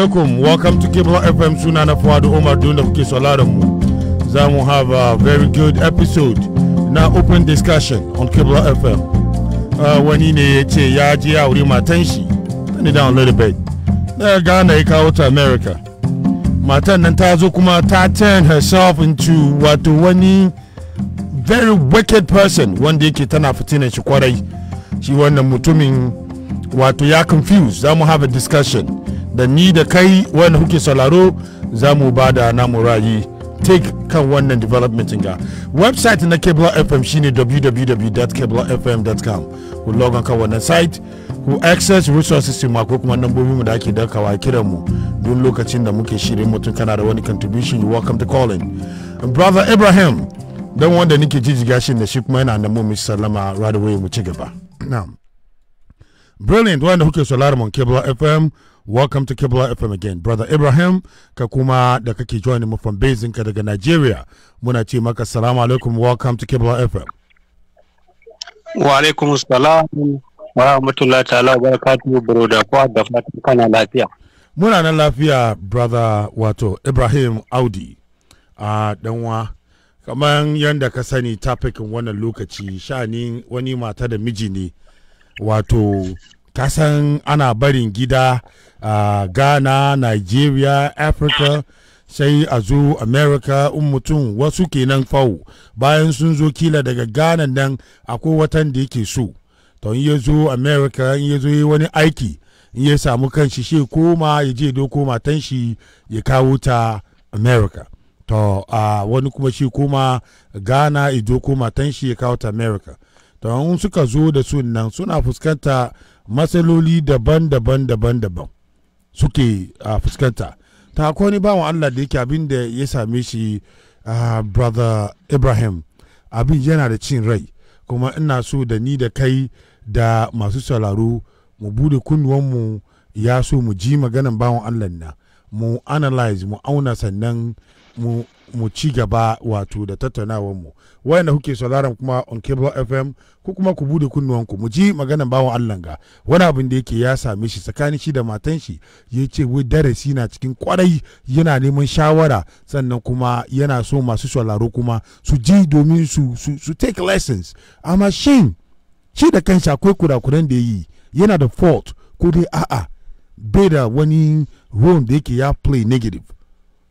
Welcome, welcome to kibla FM suna na Fuadu Omar dunda da kuke sauraron mu. Za mu have a very good episode na open discussion on kibla FM. Ah, wani ne ya ce ya je ya wuri matan shi, turn down a little bit. na eh, Ghana ya kawo ta America. Matan nan ta zo kuma ta turn herself into wato wani very wicked person wanda yake tana fitinan shi kwarai. Shi wannan mutumin wato ya confuse za mu have a discussion. da ni da kai wanda kuke sauraro za mu ba da namu rayi take kan wannan development ga website na cable fm shine www.cablefm.com ku on kan wannan site ku access resources ma kuma nambobin mu da ake dakawa kiran mu duk lokacin da muke shirin mutum kana da wani contribution you welcome to calling brother ibrahim don wanda nike jijiga shi da shi kuma yana da mu sallama right away mu ci gaba na'am brilliant wanda kuke sauraron cable fm welcome to Kibla FM again brother Ibrahim ka kuma da kake join mu from Beijing ka daga Nigeria muna ce maka salamu alaikum welcome to Kibla FM wa alaikum salam wa rahmatullahi ta'ala wa barakatuhu broda kwa da fatan kana lafiya muna nan lafiya brother wato Ibrahim Audi a uh, danwa kamar yadda ka sani tafikin wannan lokaci shani wani mata da miji ne wato kasan ana barin gida a ghana nigeria africa sai a zo america in mutum wasu kenan fawo bayan sun zo kila daga ghana nan akwai watan da yake so to in ya zo america in ya zo yi wani aiki in ya samu kanshi shi koma ya je doko matan shi ya kawo ta america to a wani kuma shi kuma ghana ya doko matan shi ya kawo ta america to in suka zo da sunan suna fuskanta matsaloli daban-daban daban-daban suke a ah, fuskanta ta akwai bawan allah da yake abin da ya same shi ah, brother ibrahim abin yana da cin rai kuma ina so da ni da kai da masu sauraro mu bude kunnuwanmu ya so mu ji maganan bawan allah na mu analyze mu auna sannan mu mu ci gaba wato da tattaunawar mu wayan da kuke sauraron kuma on cable fm ko kuma ku bude kunnuwanku mu ji maganan bawan Allah ga wani abin da yake ya same shi tsakanin shi da matan shi ya ce wai darasi na cikin kwarai yana neman shawara sannan kuma yana so masu sauraro kuma su ji domin su su take lessons amma shin shi da kansa akwai kurakuran da yi yana da fault ko dai a'a bai da wani role da yake ya play negative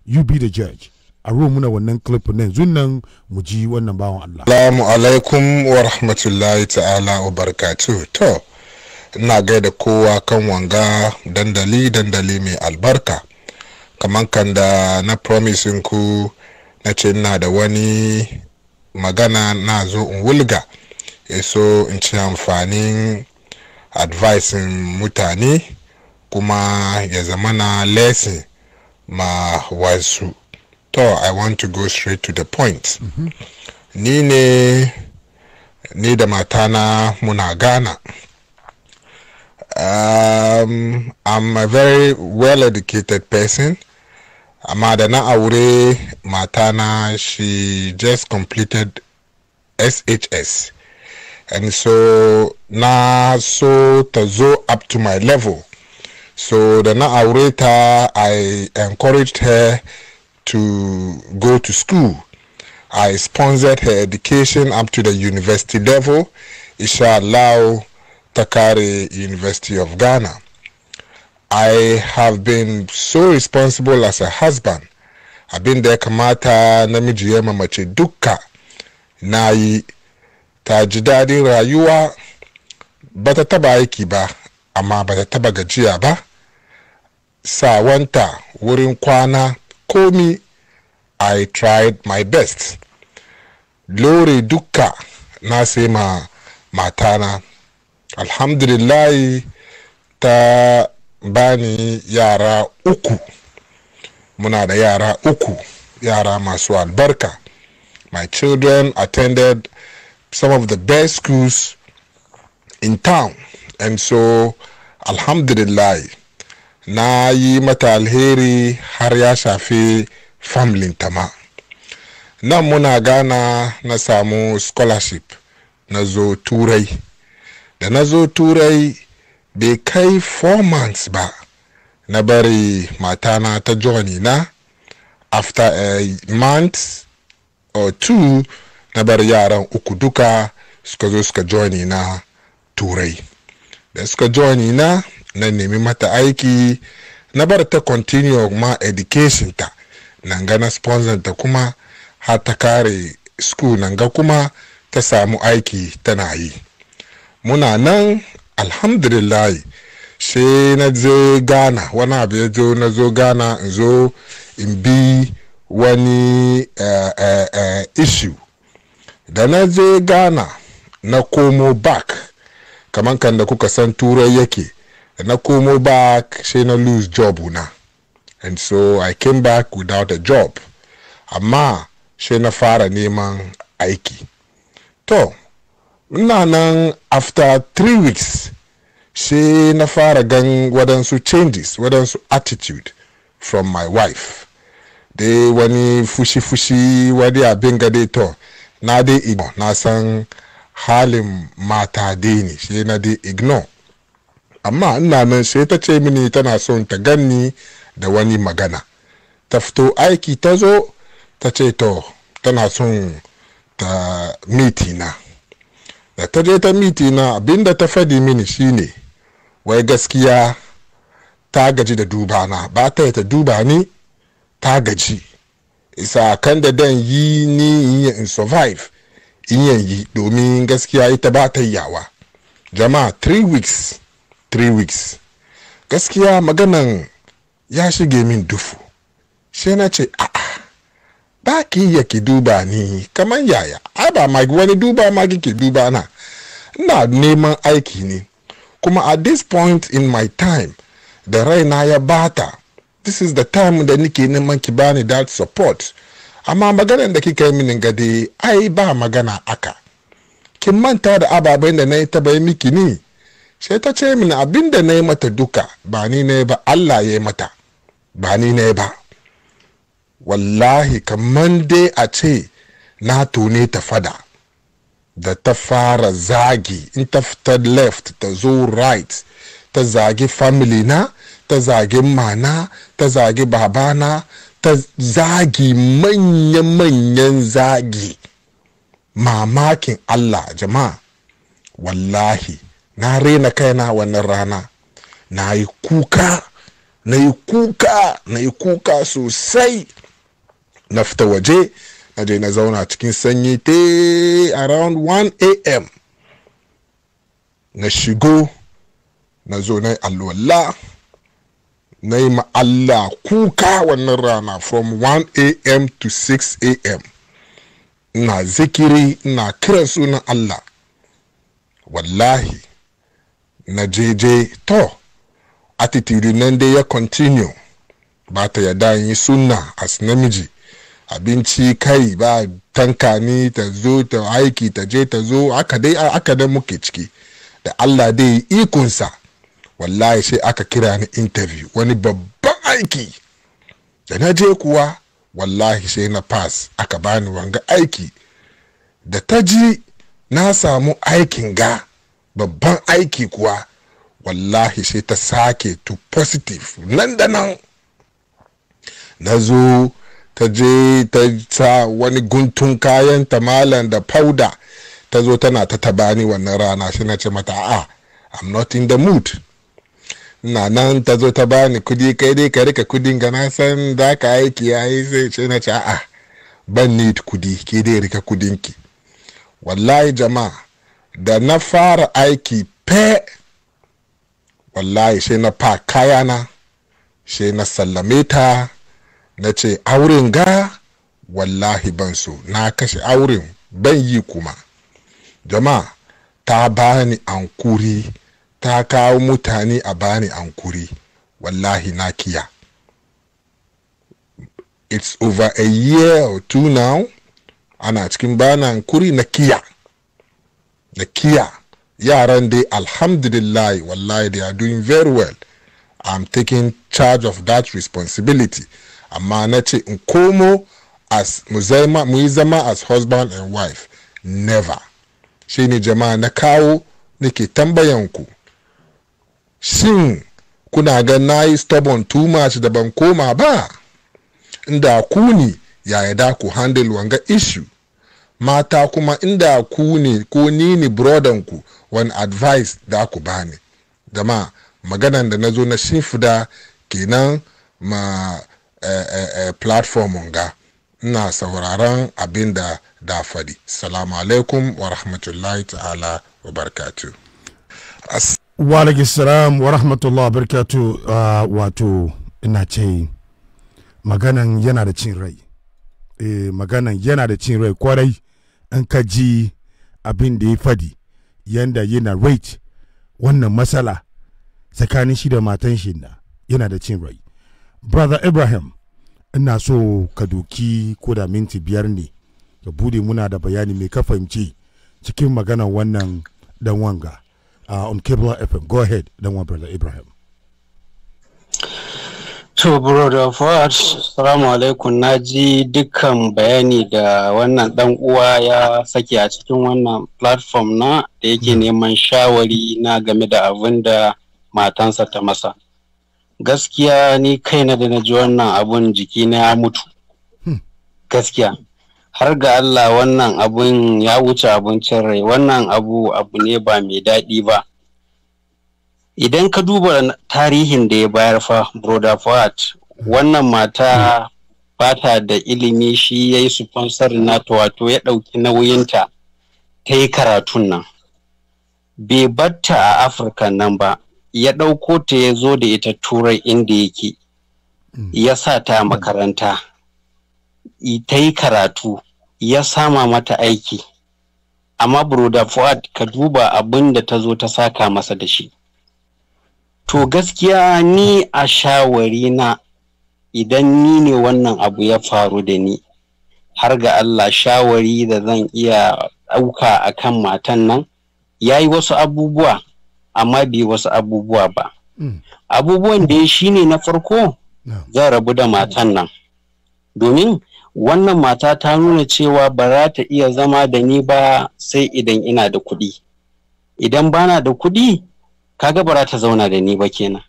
you be the judge a ruwan muna wannan clip na yanzu nan mu ji wannan bawan Allah. Assalamu alaikum wa rahmatullahi ta'ala wa barakatu. To, ina gaida kowa kan wanga dandali dandali mai albarka. kamar kan da na promise ku na ce ina da wani magana na zo in wulga. so in ci amfanin advice mutane kuma ya zamana na lesson ma wasu all i want to go straight to the point nine mm-hmm. ni ne ni da matana muna gana um, i'm a very well educated person amma da na aure matana she just completed shs and so na so ta zo up to my level so da na aure ta i encouraged her to go to school. I sponsored her education up to the university level, Ishalao Takare University of Ghana. I have been so responsible as a husband. I've been ya kamata namiji ya mamace dukka na yi ta ji daɗin rayuwa bata taba aiki ba ama gajiya ba sawanta wurin kwana komi i tried my best lore duka na sai ma matana alhamdulillahi ta bani yara uku muna da yara uku yara masu albarka my children attended some of the best schools in town and so alhamdulillah na yi mata alheri har ya shafi ta ma nan muna gana na samu scholarship na zo turai da na zo turai bai kai 4 months ba na bari matana ta joni na after a month or two na bari yaran uku duka suka zo suka joni na turai da suka joni na na nemi mata aiki na bar ta continue ma education ta nanga na sponsor ta kuma har ta kare school nanga kuma ta samu aiki tana yi muna nan alhamdulillahi sai na je ghana wani abu ya zo na zo ghana in zo in bi wani uh, da na je ghana na komo back kamar kan da kuka san turai yake na komo back sai na lose job una and so i came back without a job amma sai na fara neman aiki to ina nan after three weeks sai na fara gan wadansu changes wadansu attitude from my wife They wani fushi-fushi a abin gade to na de ignore na san halin mata dai ne na de ignore amma ina nan sai ta ce mini tana son ta ganni da wani magana ta fito aiki ta zo ta ce to tana son ta mitina da ta je ta mitina abinda ta fadi mini shine wai gaskiya ta gaji da dubana ba ta ta duba ni ta gaji isa kan da dan yi ni in survive in yi domin gaskiya ita ba ta yawa jama'a 3 weeks 3 weeks gaskiya maganan ya shige min dufu sai na ce a'a ba ki iya ki duba ni kamar yaya ai ba magi wani duba magi ki duba na ina neman aiki ne kuma at this point in my time da na ya bata this is the time da nike neman ki bani that support amma maganan da kika yi mini gade ai ba magana aka kin manta da ababen da na yi bai yi miki ni sai ta ce mini abin da na yi mata duka ba ni na ba allah ya yi mata ba ni na ba wallahi kamar dai a ce na tone ta fada da ta fara zagi in ta fita left ta zo right ta zagi family na ta zagi mana ta zagi babana ta zagi manya-manyan zagi mamakin allah jama'a wallahi na rena kaina wannan rana na yi kuka na yi kuka na yi kuka sosai na fita waje na je na zauna cikin sanyi te around 1 am na shigo na zo na yi alwala na yi ma'alla kuka wannan rana from 1 am to 6 am na zikiri na kiran sunan allah wallahi na jeje to attitude nan dai ya continue ba ta yarda yi sunna as namiji abinci kai ba tanka ni ta zo ta aiki ta je ta zo aka dai aka dai muke ciki da Allah dai ikonsa wallahi sai aka kira ni interview wani babban aiki da na je kuwa wallahi sai na pass aka bani wanga aiki da ta ji na samu aikin ga babban aiki kuwa wallahi sai ta sake to positive nan da nan na zo ta je ta sa wani guntun kayan tamalan da fauda ta zo tana ta ni wannan rana shi na ce mata a i'm not in the mood na nan ta zo ta bani kudi kai dai ka rika kudin ga na san da ka aiki yayi sai ce na ce a'a ban need kudi ke dai rika kudinki wallahi jama'a da na fara aiki pe wallahi sai na fa kayana sai na sallame ta na ce auren ga wallahi ban so na kashe auren ban yi kuma jama'a ta bani ankuri ta kawo mutane a bani ankuri wallahi na kiya it's over a year or two now ana cikin bana ankuri na kiya da kiya yaran dai alhamdulillah wallahi they are doing very well i'm taking charge of that responsibility amma na ce in komo as mu zama as husband and wife never shi ne jama'a na kawo nake tambayanku shin kuna ga na yi stubborn too much da ban koma ba inda ku ne yaya da ku handle wanga issue mata kuma inda ku ne ko ni ne brodanku wani advice da ku bani dama maganan da na zo na shifida kenan ma eh, eh, eh, platform ga ina sauraron abin da da faɗi salamu alaikum wa rahmatullahi ta'ala wa barkatu wa wa rahmatullahi wa barkatu ah, wato ina ce maganan yana da cin rai maganan yana da cin rai kwarai in ka ji abin da ya fadi yanda yana rage wannan matsala tsakanin shi da matan shi na yana da cin rai brother ibrahim ina so ka doki ko da minti biyar ne ka bude muna da bayani mai ka fahimci cikin maganar wannan dan wanga uh, on cable fm go ahead dan wan brother ibrahim To, da Fuad, salamu alaikum na ji dukkan bayani da wannan dan uwa ya saki a cikin wannan platform na da yake hmm. neman shawari na game da abin da matansa ta masa. Gaskiya ni kaina da na ji wannan abun jiki na ya mutu. Hmm. Gaskiya. Har ga Allah wannan abun ya wuce abincin rai, wannan abu abu ne ba mai daɗi ba. idan ka duba tarihin da ya bayar fa broda fuad wannan mata bata da ilimi shi ya yi sponsor nata wato ya ɗauki nauyinta ta yi karatun nan bai batta a afirka nan ba ya ɗauko ta ya zo da ita turai inda yake ya sa ta makaranta ta yi karatu ya sama mata aiki amma broda fuad ka duba abin da ta zo ta saka masa da shi To gaskiya ni a shawari na idan ni ne wannan abu ya faru da ni har ga Allah shawari da zan iya ɗauka a kan matan nan ya yi wasu abubuwa amma bai wasu abubuwa ba. Mm. Abubuwan da shi ne na farko zan rabu da matan nan. Domin wannan mata ta nuna cewa ba za ta iya zama da ni ba sai idan ina da kuɗi. Idan bana da kuɗi kaga ba ta zauna da ni ba kenan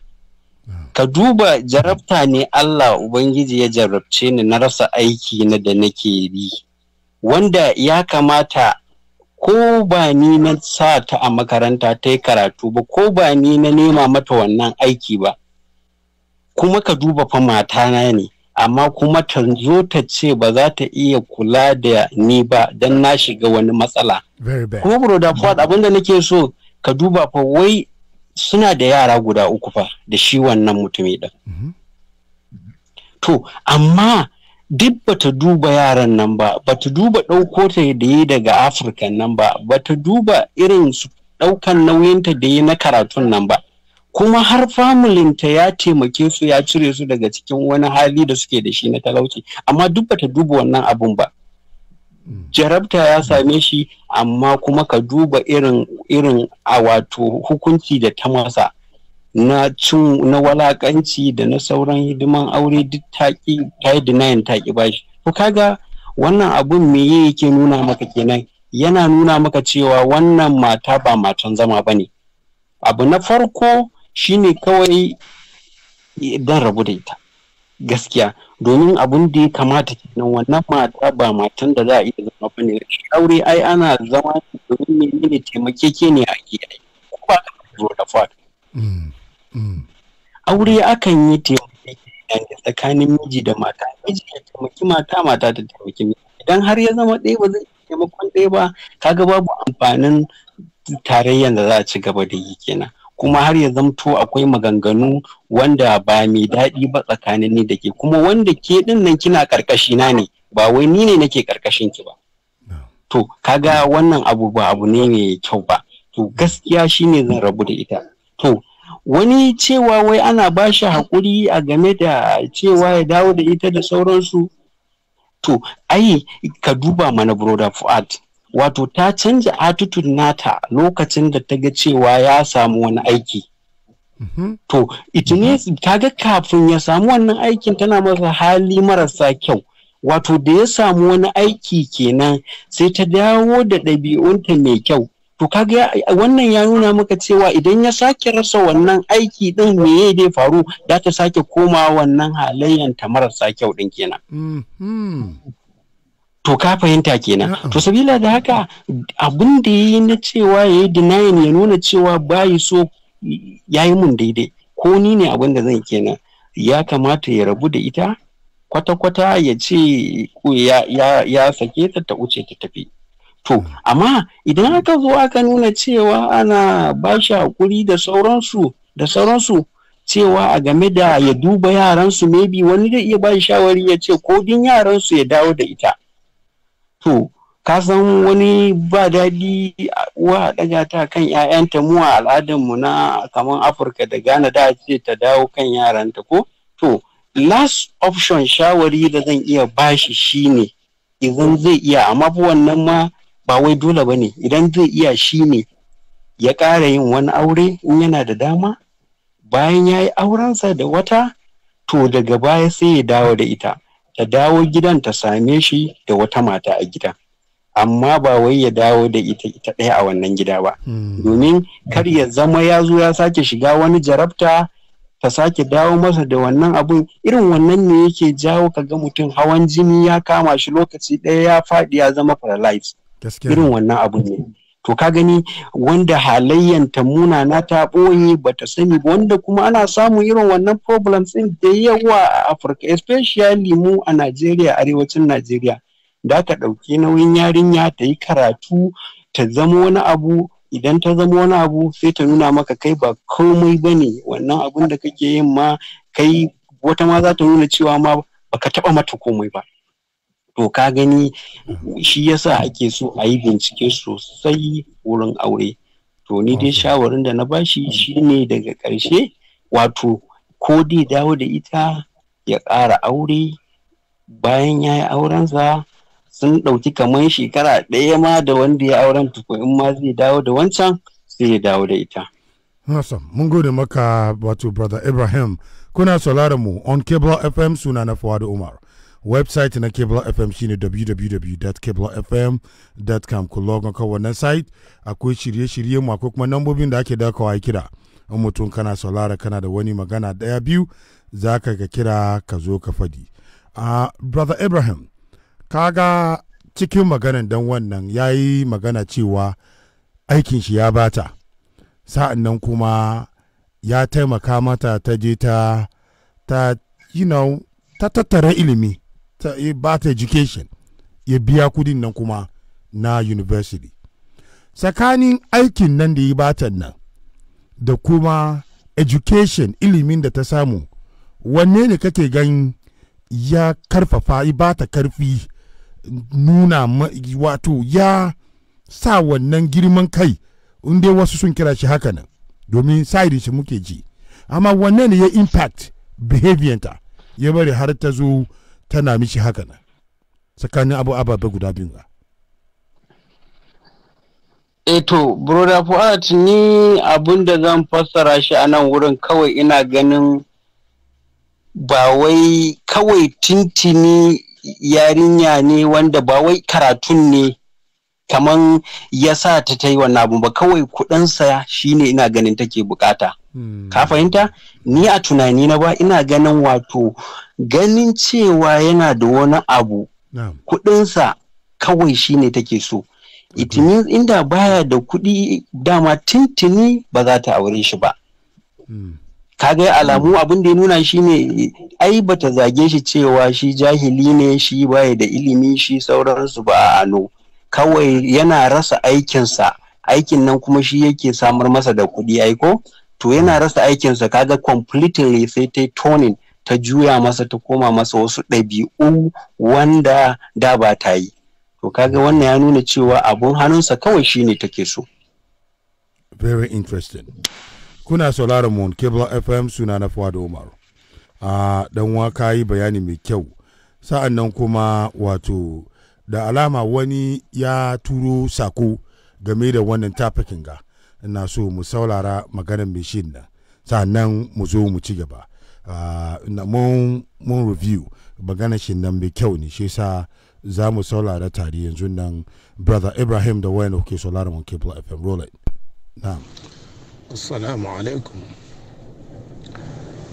ka duba jarabta ne Allah Ubangiji ya jarabce ni na rasa aiki na da nake yi wanda ya kamata ko ba ni na sa ta a makaranta ta yi karatu ba ko ba ni na nema mata wannan aiki ba kuma ka duba fa mata matana ne amma kuma ta zo ta ce ba za ta iya kula da ni ba don na shiga wani matsala kuma broda abinda nake so ka duba fa wai suna da yara guda uku fa da shi wannan mutumi ɗin. Mhm. To, amma duk bata duba yaran nan ba, bata duba ɗauko ta da yi daga Afirka nan ba, bata duba irin su ɗaukan nauyinta da yi na karatun nan ba. Kuma har familinta ya taimake su ya cire su daga cikin wani hali da suke da shi na talauci, amma duk bata duba wannan abun ba. jarabta ya same shi amma kuma ka duba irin irin a wato hukunci da ta masa na cin na walakanci da na sauran hidiman aure duk taƙi ta yi denying taƙi ba shi Ko kaga wannan abun me ya yake nuna maka kenan yana nuna maka cewa wannan mata ba matan zama ba ne abu na farko shine kawai eh, dan rabu da ita gaskiya domin abun da ya kamata kenan wannan mata ba matan da za a iya zama ba ne aure ai ana zama domin menene taimakeke ne a yi ko ba ka zo da mm, mm. aure akan yi taimakeke tsakanin miji da mata miji ya taimaki mata mata ta taimaki miji idan har ya zama ɗaya ba zai taimakon ɗaya ba kaga babu amfanin tarayyan da za a ci gaba da yi kenan kuma har ya zamto akwai maganganu wanda ba mai daɗi ba tsakanin ni da ke kuma wanda ke ɗin nan kina ƙarƙashi na ne ba wai ni ne nake ƙarƙashin ki ba to kaga wannan abu ba abu ne mai kyau ba to gaskiya shine zan rabu da ita to wani cewa wai ana ba shi haƙuri a game da cewa ya dawo da ita da sauransu to ai ka duba mana broda fuad wato ta canja attitude nata lokacin da ta ga cewa ya samu wani aiki mm-hmm. to ita ne ta ga kafin ya samu wannan aikin tana masa hali marasa kyau wato da ya samu wani aiki kenan sai ta dawo da ɗabi'unta mai kyau to kaga wannan ya nuna maka cewa idan ya sake rasa wannan aiki ɗin me dai faru za ta sake koma wannan halayyanta marasa kyau ɗin kenan mm-hmm. to ka fahimta kenan to sabila da haka abin da ya yi na cewa ya yi denying ya nuna cewa bayi so ya yi mun daidai ko ni ne abin da zan kenan ya kamata ya rabu da ita kwata-kwata ya ce ya sake ta ta wuce ta tafi to hmm. amma idan aka zo aka nuna cewa ana ba shi hakuri da sauransu da sauransu cewa a game da ya duba yaransu maybe wani zai iya ba shawari ya ce ko din yaransu ya dawo da ita to ka san wani ba daɗi wa ɗaga ta kan 'ya'yanta mu a al'adunmu na kamar afirka da ghana da ce ta dawo kan yaranta ko to last option shawari da zan iya ba shi shine idan zai iya amma wannan ma ba wai dole ba ne idan zai iya shi ne ya ƙara yin wani aure in yana da dama bayan ya yi aurensa da wata to daga baya sai ya dawo da ita ta dawo gidan ta same shi da wata mata a gida amma ba wai ya dawo da ita ita ɗaya a wannan gida ba hmm. domin kar ya zama ya zo ya sake shiga wani jarabta ta sake dawo masa da wannan abun irin wannan ne yake jawo ka ga mutum hawan jini ya kama shi lokaci ɗaya ya faɗi ya zama paralyzed irin wannan abun ne to ka gani wanda ta halayyan Muna na ta ɓoye ta sani ba wanda kuma ana samun irin wannan problems ɗin da yawa a afirka especially mu a najeriya arewacin najeriya da ta ɗauki nauyin yarinya ta yi karatu ta zama wani abu idan ta zama wani abu sai ta nuna maka kai ba komai ba ne wannan abun da kake yin ma kai wata ma za ta nuna cewa ma baka taɓa mata komai ba to ka gani mm-hmm. shi yasa ake so a yi bincike sosai wurin aure to ni dai shawarin da na bashi mm-hmm. ne daga ƙarshe wato ko dai dawo da ita ya ƙara aure bayan ya yi aurensa sun ɗauki kamar shekara ɗaya ma da wanda ya auren in ma zai dawo da wancan sai ya dawo da ita. Awesome. Mun gode maka wato Brother Ibrahim kuna sauraron mu on Cable FM suna na Fuadu Umar. website na Kebla FM shine www.kablafm.com ku logon ka wannan site akwai shirye-shirye mu akwai kuma nambobin da ake dakawa kira in mutum kana saurara kana da wani magana daya biyu za ka ga kira ka zo ka fadi a brother Ibrahim kaga cikin maganan dan wannan ya yi magana cewa aikin shi ya bata sa'annan kuma ya taimaka mata ta je ta ta you ta tattara ilimi ta ba education ya biya kudin nan kuma na university tsakanin aikin nan da yi batan nan da kuma education ilimin da ta samu wanne ne kake gan ya karfafa ya ba ta karfi nuna wato ya sa wannan girman kai inda wasu sun kira shi haka nan domin sa'irin shi muke ji amma wannan ne ya impact behavior ya bari har ta zo tana mishi haka nan tsakanin abu ababe guda biyu ba. eto eh broda fuat ni abin da zan fassara shi a nan wurin kawai ina ganin ba wai kawai tintini yarinya ne wanda ba wai karatun ne kaman ya sa ta ta yi wannan abu ba kawai kuɗinsa shine ina ganin take bukata Hmm. ka fahimta ni a tunani na ba ina ganin wato ganin cewa yana da wani abu kudinsa kawai shi ne take so it hmm. means inda baya da kudi dama tintini ba za ta aure shi ba hmm. Ka kaga alamu abin da ya nuna shi ne ai ba ta zage shi cewa shi jahili ne shi baya da ilimi shi sauransu ba a ano kawai yana rasa aikinsa aikin nan kuma shi yake samar masa da kuɗi aiko to yana rasa aikinsa kaga completely sai ta toning ta juya masa ta koma masa wasu ɗabi'u wanda da ba ta yi to kaga wannan ya nuna cewa abun hannunsa kawai shine take so very interesting kuna sauraron mu cable fm suna na fuwa da umaru a dan waka yi bayani mai kyau sa'an nan kuma wato da alama wani ya turo sako game da wannan tafakin ga na so mu saurara maganar mishin nan sannan mu zo mu ci gaba ah, mun review maganar shi nan mai kyau ne shi sa za mu saulara tare yanzu nan brother ibrahim da wayan ke saurara mun kebla fm rollin na assalamu alaikum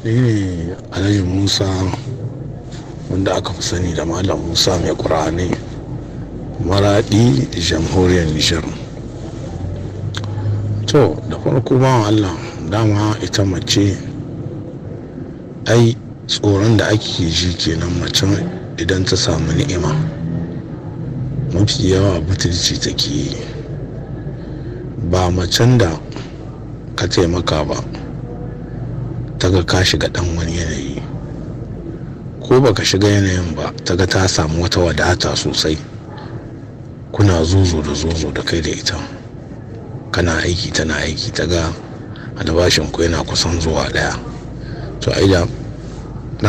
ne alayi musa wanda aka fi sani da malam musa mai ne maradi jamhuriyar nijar to da farko bawan allah dama ita mace ai tsoron da ake ji kenan mace idan ta samu ni'ima mafi yawa butulci take yi ba macen da ka taimaka ba ta ga ka shiga dan wani yanayi ko ba ka shiga yanayin ba ta ga ta samu wata wadata sosai kuna zozo da zozo da kai da ita kana aiki tana aiki ta ga albashin ku yana kusan zuwa daya to aida da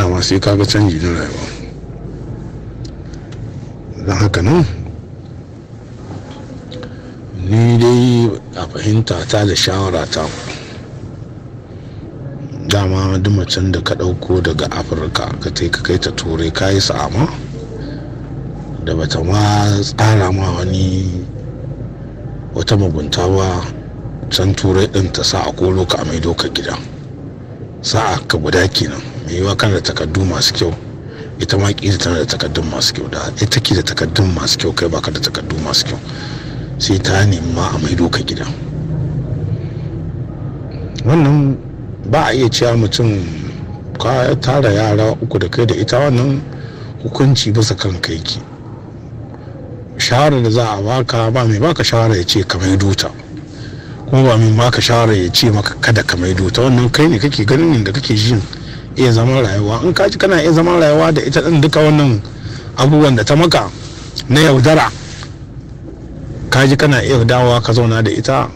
dama sai kaga canji na rayuwa don haka nan ni dai a fahimta ta da shawara ta dama dumacin da ka ɗauko daga afirka ka ta ka kai ta turai ka yi sa'ama da bata ma tsara ma wani wata mugunta ba can turai ɗin ta sa a kolo ka mai doka ka gida sa'a ka guda kenan mai yiwa kana da takardu masu kyau ita ma ki tana da takardun masu kyau da ita ke da takardun masu kyau kai baka da takardu masu kyau sai ta nemi ma a mai ka gida wannan ba a iya cewa mutum ka tara yara uku da kai da ita wannan hukunci bisa kan kai ki shahara da za a baka ba mai baka shahara ya ce ka duta kuma ba mai baka shahara ya ce maka kada ka duta wannan kai ne kake ganin da kake jin iya zaman rayuwa in ka ji kana iya zaman rayuwa da ita din duka wannan abubuwan da ta maka na yaudara ka ji kana iya dawowa ka zauna da ita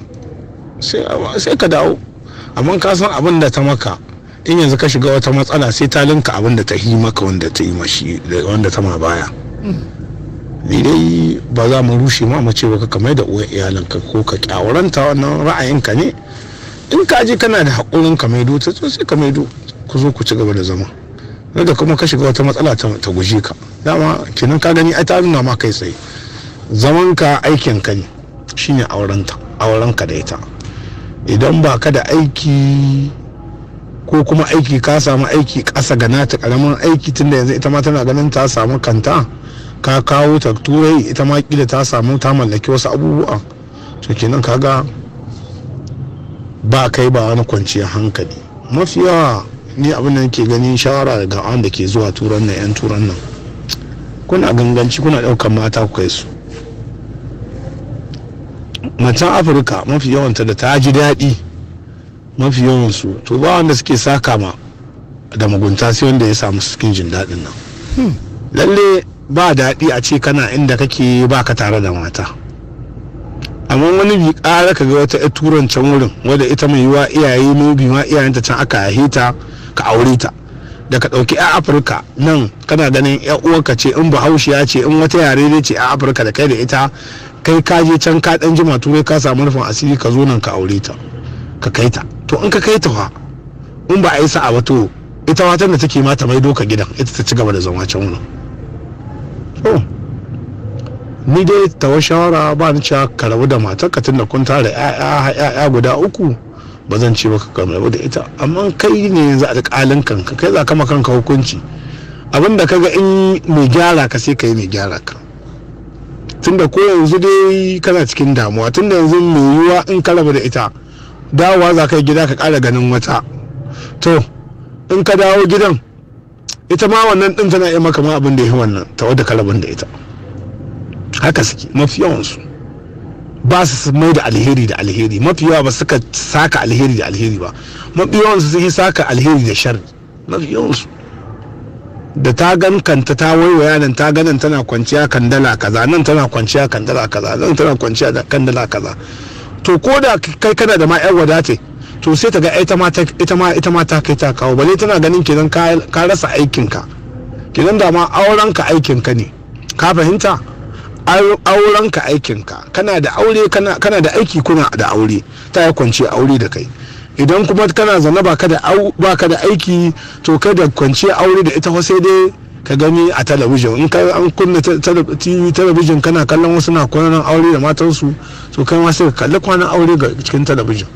sai ka dawo amma ka san abin da ta maka in yanzu ka shiga wata matsala sai ta linka abin da ta yi maka wanda ta yi mashi wanda ta ma baya ni dai ba za mu rushe ma mace ba ka mai da uwar ka ko ka kyawaranta wannan ra'ayinka ne in ka je kana da haƙurin ka maido ta sai ka maido ku zo ku ci gaba da zama daga kuma ka shiga wata matsala ta guje ka dama kenan ka gani ai ta nuna ma kai tsaye zaman ka aikin ka ne shine aurenta auren ka da ita idan ba ka da aiki ko kuma aiki ka samu aiki ƙasa ga nata ƙaramin aiki tunda yanzu ita ma tana ganin ta samu kanta ka kawo ta turai ita ma kila ta samu ta mallaki wasu abubuwa to kenan kaga ba kai ba wani kwanciyar hankali mafi yawa ni abin da nake ganin shawara daga da ke zuwa turan nan 'yan turan nan kuna ganganci kuna ɗaukar mata ku kai su matan afirka mafi yawanta da ta ji daɗi mafi yawansu to ba wanda suke saka ma da mugunta sai wanda ya samu cikin jin daɗin nan hmm. lalle ba daɗi a ce kana inda kake ba ka tare da mata amma wani bi ƙara ka ga wata yar turancin wurin wadda ita mai yiwa iyaye bi ma iyayenta can aka yahe ta ka aure ta da ka ɗauki a afirka nan kana ganin ya uwarka ce in bahaushiya ce in wata yare ne ce a afirka da kai da ita kai ka je can ka ɗan jima turai ka samu rufin asiri ka zo nan ka aure ta ka kai ta to in ka kai ta fa in ba a yi sa'a ba to ita watan da take ma ta maido ka gidan ita ta ci gaba da zama can wurin Oh, ni dai tawa shawara ba ni cewa ka rabu da matarka tun da kun tara ya'ya guda uku ba zan ce maka ka da ita amma kai ne yanzu a kalin kanka kai za ka kanka hukunci abin da kaga in mai gyara ka sai ka yi mai gyara ka tun da ko yanzu dai kana cikin damuwa tun da yanzu mai yiwuwa in ka rabu da ita dawowa za ka yi gida ka kara ganin wata to in ka dawo gidan ita ma wannan din tana iya maka ma abin da ya wannan ta wadda kalabin da ita haka suke mafi yawansu ba su mai da alheri da alheri mafi yawa ba suka saka alheri da alheri ba mafi yawansu su yi saka alheri da shari mafi yawansu da ta gan kanta ta waiwaya nan ta ganin tana kwanciya kandala kaza nan tana kwanciya kandala kaza nan tana kwanciya kandala kaza to ko da kai kana da ma 'yan wadace to sai ta ga ita ma ita ma ta kai ta kawo bale tana ganin kenan ka rasa aikinka kenan da ma aurenka aikinka ne ka fahimta aurenka aikinka kana da aure kana da aiki kuna da aure ta ya kwanci aure da kai idan kuma kana zaune baka da da aiki to kai da kwanci aure da ita sai dai ka gani a talabijin in kai an kunna tv talabijin kana kallon wasu na kwanan aure da matansu to kai ma sai ka kalli kwanan aure ga cikin talabijin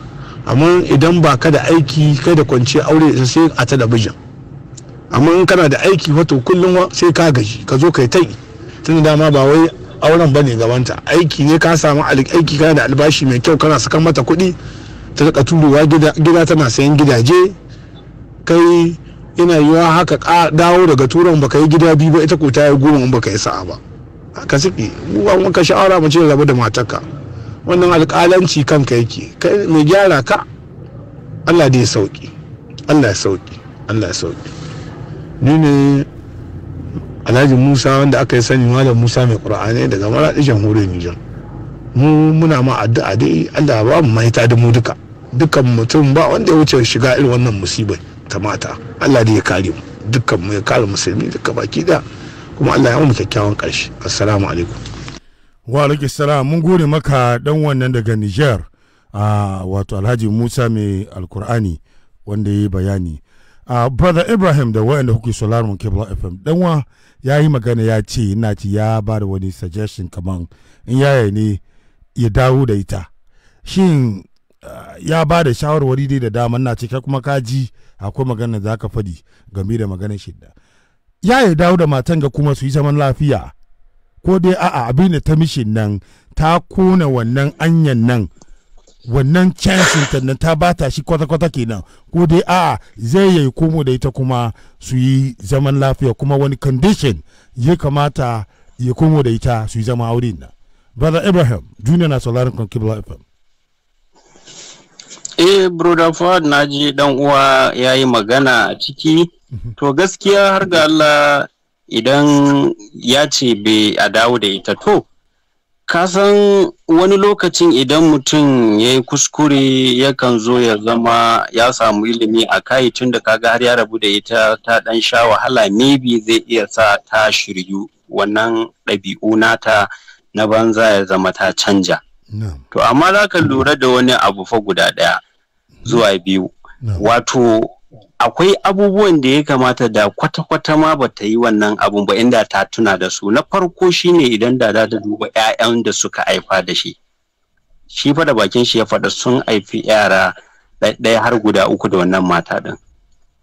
amma idan ba ka da aiki kai da kwanciya aure sai a talabijin amma in kana da aiki wato kullum sai ka gaji ka zo kai tai tun dama ba wai auren bane gabanta aiki ne ka samu aiki kana da albashi mai kyau kana sakan mata kuɗi ta rika turowa gida tana sayan gidaje kai yi yiwa haka dawo daga turan baka yi gida biyu ba ita ko ta yi goma in baka yi sa'a ba ka siki mu an ka sha'ara mace rabu da matarka wannan alƙalanci kanka yake kai mai gyara ka allah da ya sauki allah ya sauki allah ya sauki ni ne alhaji musa wanda aka yi sani malam musa mai ƙura'ani daga maraɗi jamhuriyar nijar mu muna ma addu'a dai allah ba mu mahita da mu duka dukkan mutum ba wanda ya wuce shiga irin wannan musibai ta mata allah da ya kare mu dukkan mu ya kare musulmi duka baki da kuma allah ya mu kyakkyawan ƙarshe assalamu alaikum wa alaƙi salam mun gode maka dan wannan daga niger a wato alhaji musa mai alkur'ani wanda ya yi bayani a brother ibrahim da wayanda kuke solarun cable fm danwa ya yi magana ya ce ina ci ya ba da wani suggestion kaman in yaya ne ya dawo da ita shin ya ba da shawarwari dai da dama na ce kai kuma ka akwai magana za ka faɗi game da maganar shidda ya ya dawo da matan ga kuma su yi zaman lafiya ko dai a'a abin da ta mishin nan ta kona wannan anyan nan wannan chansin ta nan ta bata shi kwata-kwata kenan ko dai a'a zai yi komo da ita kuma su yi zaman lafiya kuma wani condition ya kamata ya komo da ita su yi zama aure nan brother ibrahim junior na sauraron kan kibla fm eh brother ford na ji dan uwa ya yi magana a ciki mhm. to gaskiya har ga allah idan ya ce bai a dawo da ita to kasan wani lokacin idan mutum ya yi kuskure yakan zo ya zama ya samu ilimi a kai tun da kaga har ya rabu da ita ta dan sha wahala maybe zai iya sa ta shiryu wannan ɗabi'u nata na banza ya zama ta canja to amma za ka lura da wani abu fa guda ɗaya zuwa biyu wato akwai abubuwan da ya kamata da kwata-kwata ma ba ta yi wannan abun ba inda ta tuna da su na farko shine idan da za ta duba 'ya'yan da suka haifa da shi shi fa da bakin shi ya faɗa sun haifi yara ɗaya har guda uku da wannan mata ɗin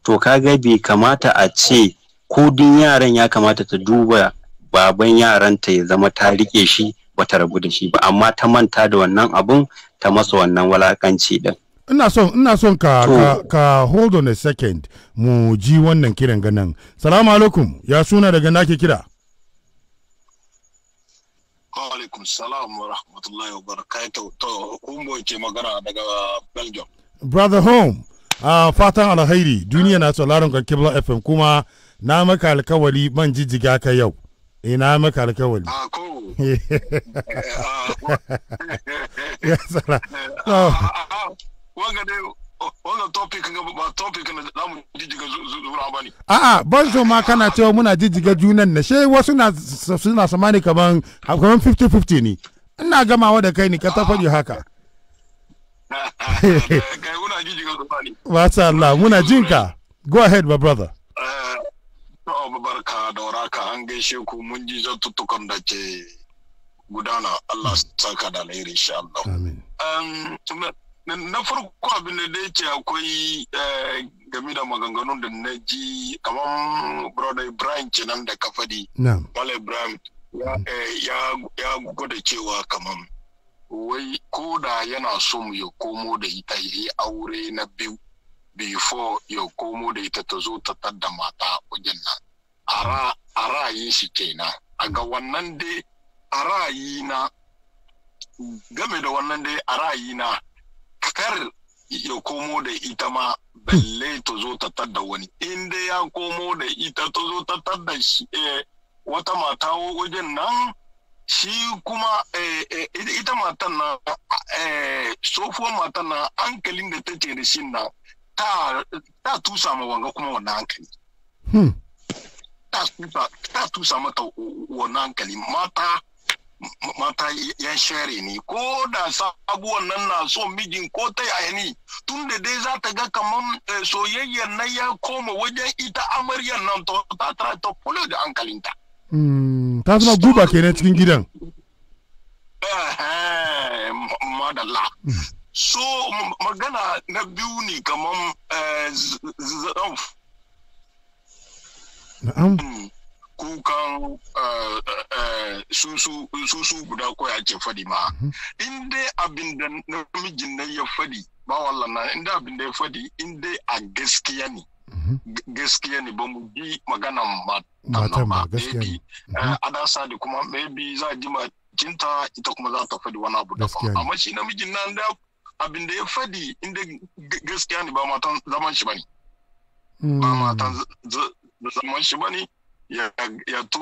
to kaga bai kamata a ce ko din yaran ya kamata ta duba baban yaranta ya zama ta riƙe shi ba ta rabu da shi ba amma ta manta da wannan abun ta masa wannan walakanci ɗin ina son ina son ka, ka ka hold on a second mu ji wannan kiran ganan salamu alaikum ya suna daga nake kira alaikum salam wa rahmatullahi wa barakatuh to kumbo ke magana daga belgium brother home a uh, fatan alhairi duniya na sauraron ka kibla fm kuma na maka alƙawari man jijjiga ka yau ina eh, maka alƙawari. ah, eh, ah ya sala eh, oh. ah, ah, wanga dai wannan topic ba topic na za mu jijjiga zura ba A'a ban so ma kana cewa muna jijjiga junan na she wasu na suna samani kaman kaman 50-50 ne. Ina gamawa da kai ne ka ta faɗi haka. Eh, kai muna jijjiga zura ne. Masha Allah muna ka Go ahead my brother. Eh, barka da waraka an gaishe ku mun ji zattutukan da ke gudana Allah saka da alheri insha Allah. Amin. na farko abin da ce akwai eh, game da maganganun da na ji kamar brother ibrahim nan da kafadi wala ibrahim eh, ya gwada cewa kamar wai ko da yana so mu ya komo da ita ya yi aure na biyu before ya komo da ita ta zo ta tadda mata wajen nan a ra'ayin shi kenan a ga wannan dai a ra'ayi na game da wannan dai a ra'ayi na kar ya komo da ita ma balle ta zo ta tadda wani inda ya komo da ita ta zo ta tadda eh, wata mata wajen nan shi kuma eh, eh, ita matan na sofuwar matan na hankalin da ta da shi nan ta tusa ma wanga kuma wannan hankali hmm. ta tusa mata wannan hankali mata mata ya share ni ko da sabuwan nan na so mijin ko ta yaya ni tun da dai za ta ga kaman eh, soyayyar na ya koma wajen ita amaryar nan to ta tara ta kula da hankalinta. Hmm, ta zama guba kenan cikin gidan. Eh, madalla hmm. so magana na biyu ne kaman eh, zan kukan susu eh, eh, guda ko ce fadi ma mhm. in dai abin da namijin nan ya fadi ba wallan na in dai abin da ya fadi in dai a gaskiya ne mhm. gaskiya ne ba mu bi maganan matan gaskiya ne eh, mhm. a da kuma maybe za a ji macinta ita kuma za ta fadi wani abu daban amma shi namijin nan da abin da ya fadi in dai gaskiya ne ba matan zaman shi ba ne mm. ba matan zaman shi ba ne ya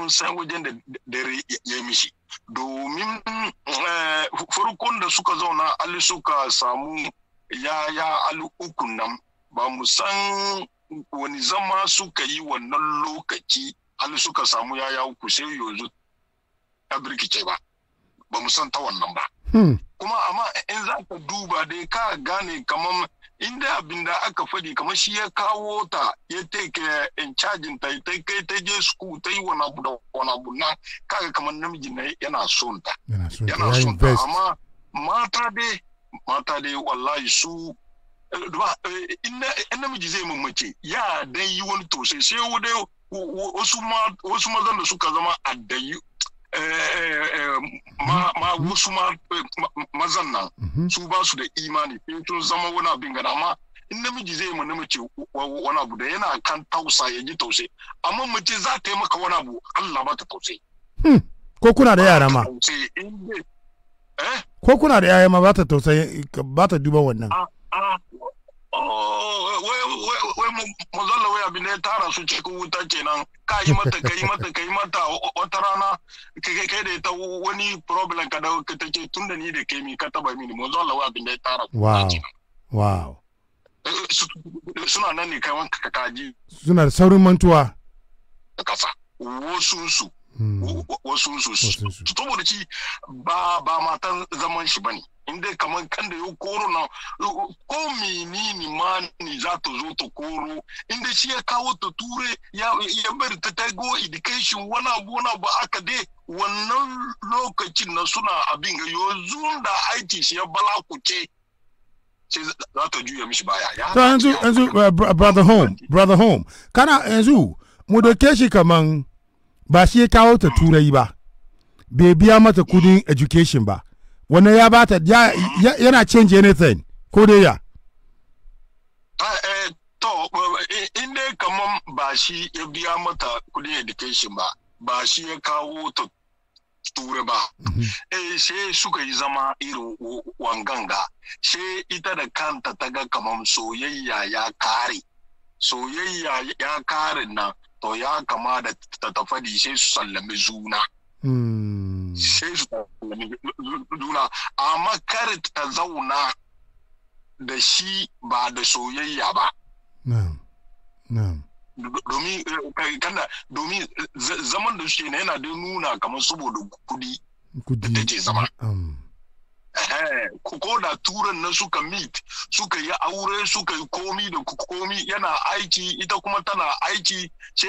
san wajen da dare ya mishi domin eh, farkon da suka zauna ali suka samu yaya ali uku nan ba mu san wani zama suka yi wannan lokaci hali suka samu yaya uku sai yanzu ya birkice ba ba mu san ta wannan ba hmm. kuma amma in za ka duba dai ka gane kamar inda abin da aka faɗi kamar shi ya kawo ta ya take in charging ta ta kai ta je suku ta yi wani abu da wani abu na kaga kamar namiji na yana son ta yana son ta amma mata dai mata dai wallahi su eh, eh, in namiji zai mace ya dai yi wani tosai sai wasu mazan da suka zama addayi Eh, eh, eh, ma wasu mazan nan mhm. su ba su da imani in tun zama wani abin gana amma in namiji zai ma namiji wani abu da yana kan tausa ya ji tausayi amma mace za ta yi maka wani abu Allah ba ta tausai. Hmm, ko kuna da yara ma ko kuna da yaya ma ba ta tausayi ba ta duba wannan. Ah, ah, oh, mazalla wai abin da ya tara su cikin wuta kenan ka yi mata ka yi mata ka yi mata wata rana kai kai da ita wani problem ka da ka take tun da ni da kai mi ka taba mini mazalla wai abin da ya tara eh, su wow wow suna nan ne kai wanka ka ji suna da saurin mantuwa kasa hmm. wasu su wasu su saboda ci ba ba matan zaman shi bane inda kamar kan da ya koro na ko menene ma ne za ta zo ta koro inda shi ya kawo ta ture ya bari ta ta go education wana abu wani aka dai wannan lokacin na suna abin ga yanzu da aiki shi ya bala ku ce. za ta juya mishi baya to yanzu yanzu uh, uh, brother home brother home kana yanzu mu doke shi kaman ba shi ya kawo ta turai ba bai biya mata kudin education ba wannan ya bata ya, ya, yana change anything ko dai ya ah, eh, to in dai kaman ba shi ya biya mata kudin education ba ba shi ya kawo ta ture ba mm-hmm. eh sai suka yi zama irin wanganga sai ita da kanta ta ga kaman soyayya ya kare soyayya ya kare nan to ya kama da ta tafadi sai su sallami juna Hmm. sai su juna amma kar ta zauna da shi ba da soyayya ba domin eh, domin zaman da shi ne yana da nuna kamar saboda kudi kudi da ke zama Eh, ko da turan nan suka meet suka yi aure suka yi komi da komi yana aiki ita kuma tana aiki ce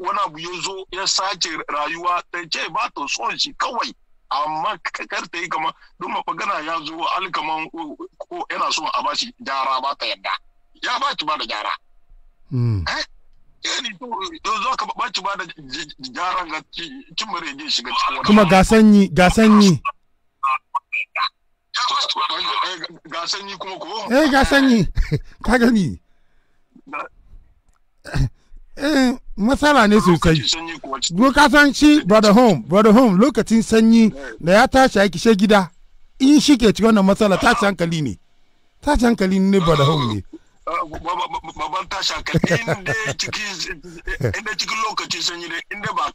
wani abu ya zo ya sace rayuwa ta ce ba ta son shi kawai amma kakar ta yi kama don mafagana ya zo alkaman ko yana son a bashi gyara ba ta yadda ya ba ki ba da gyara hmm. eh, eh, yanzu ka ba ci ba da gyara ga cimma rege shiga cikin kuma ga sanyi ga sanyi ga eh ga sanyi ka gani eh mas'ala ne sosai ka san shi brother home brother home lokacin sanyi da ya tashi aiki she gida in shi ke cikin wannan matsala tashi hankali ne tashi hankali ne brother home ne babban tashi hankali inda cikin lokacin sun yi inda ba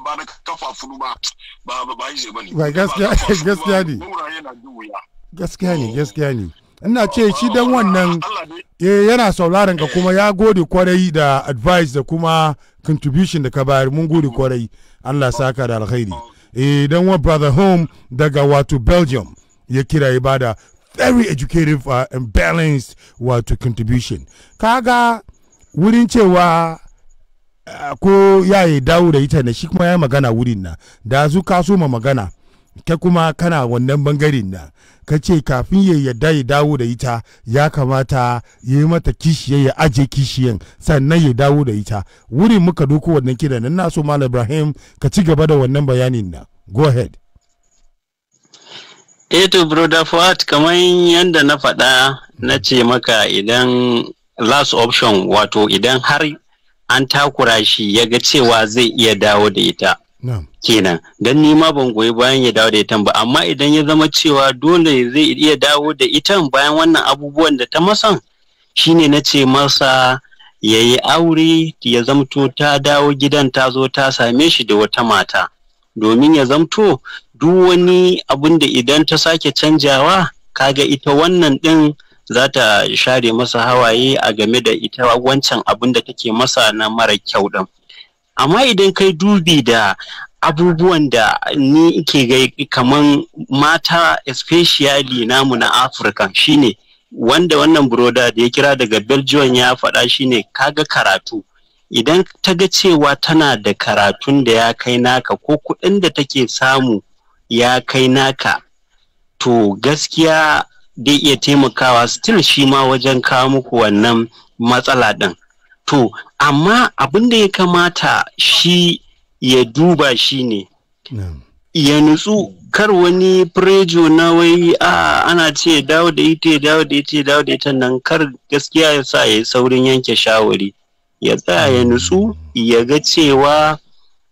ba na kafa furu ba ba ba yi bane ba gaskiya gaskiya ne gaskiya ne gaskiya ne ina ce shi dan wannan eh, yana sauraron ka eh. kuma ya gode kwarai da advice da kuma contribution da ka bayar mun gode kwarai Allah saka da alkhairi oh. eh dan wa brother home daga wato Belgium ya kira ya bada very educative uh, and balanced uh, to contribution kaga wurin cewa uh, ko yaye dawo da ita ne shi kuma ya magana wurin na da su kaso ma magana ta kuma kana wannan bangaren na ka ce kafin ya yadda ya dawo da ita ya kamata ya yi mata kishiya ya aje kishiyan sannan ya dawo da ita wurin muka doko wannan kiran na so malam ibrahim ka ci gaba da wannan bayanin na go ahead Eto, eh to Fuad kamar yadda na faɗa na ce maka idan last option wato idan har an takura shi ya ga cewa zai iya dawo da ita kenan don nima ban goyi bayan ya dawo da ita ba amma idan ya zama cewa dole zai iya dawo da ita bayan wannan abubuwan da ta masan shine na ce masa ya yi aure ya zamto ta dawo gidan ta zo ta same shi da wata mata domin ya zamto duk wani abin da idan ta sake canjawa kaga ita wannan ɗin za ta share masa hawaye a game da ita wancan abin da take masa na mara kyau ɗin amma idan kai dubi da abubuwan da ni ke gai kamar mata especially namu na afirka shine wanda wannan broda da ya kira daga belgium ya faɗa shine kaga karatu idan ta ga cewa tana da karatun da ya kai naka ko kuɗin da take samu ya kai naka to gaskiya dai iya taimakawa still shi ma wajen kawo muku wannan matsala ɗin to amma abin da ya kamata shi ya duba shi ne ya nutsu kar wani prejo na wai a ana ce dawo da ita ya dawo da ita ya dawo da ita nan kar gaskiya ya sa ya saurin yanke shawari ya tsaya ya nutsu ya ga cewa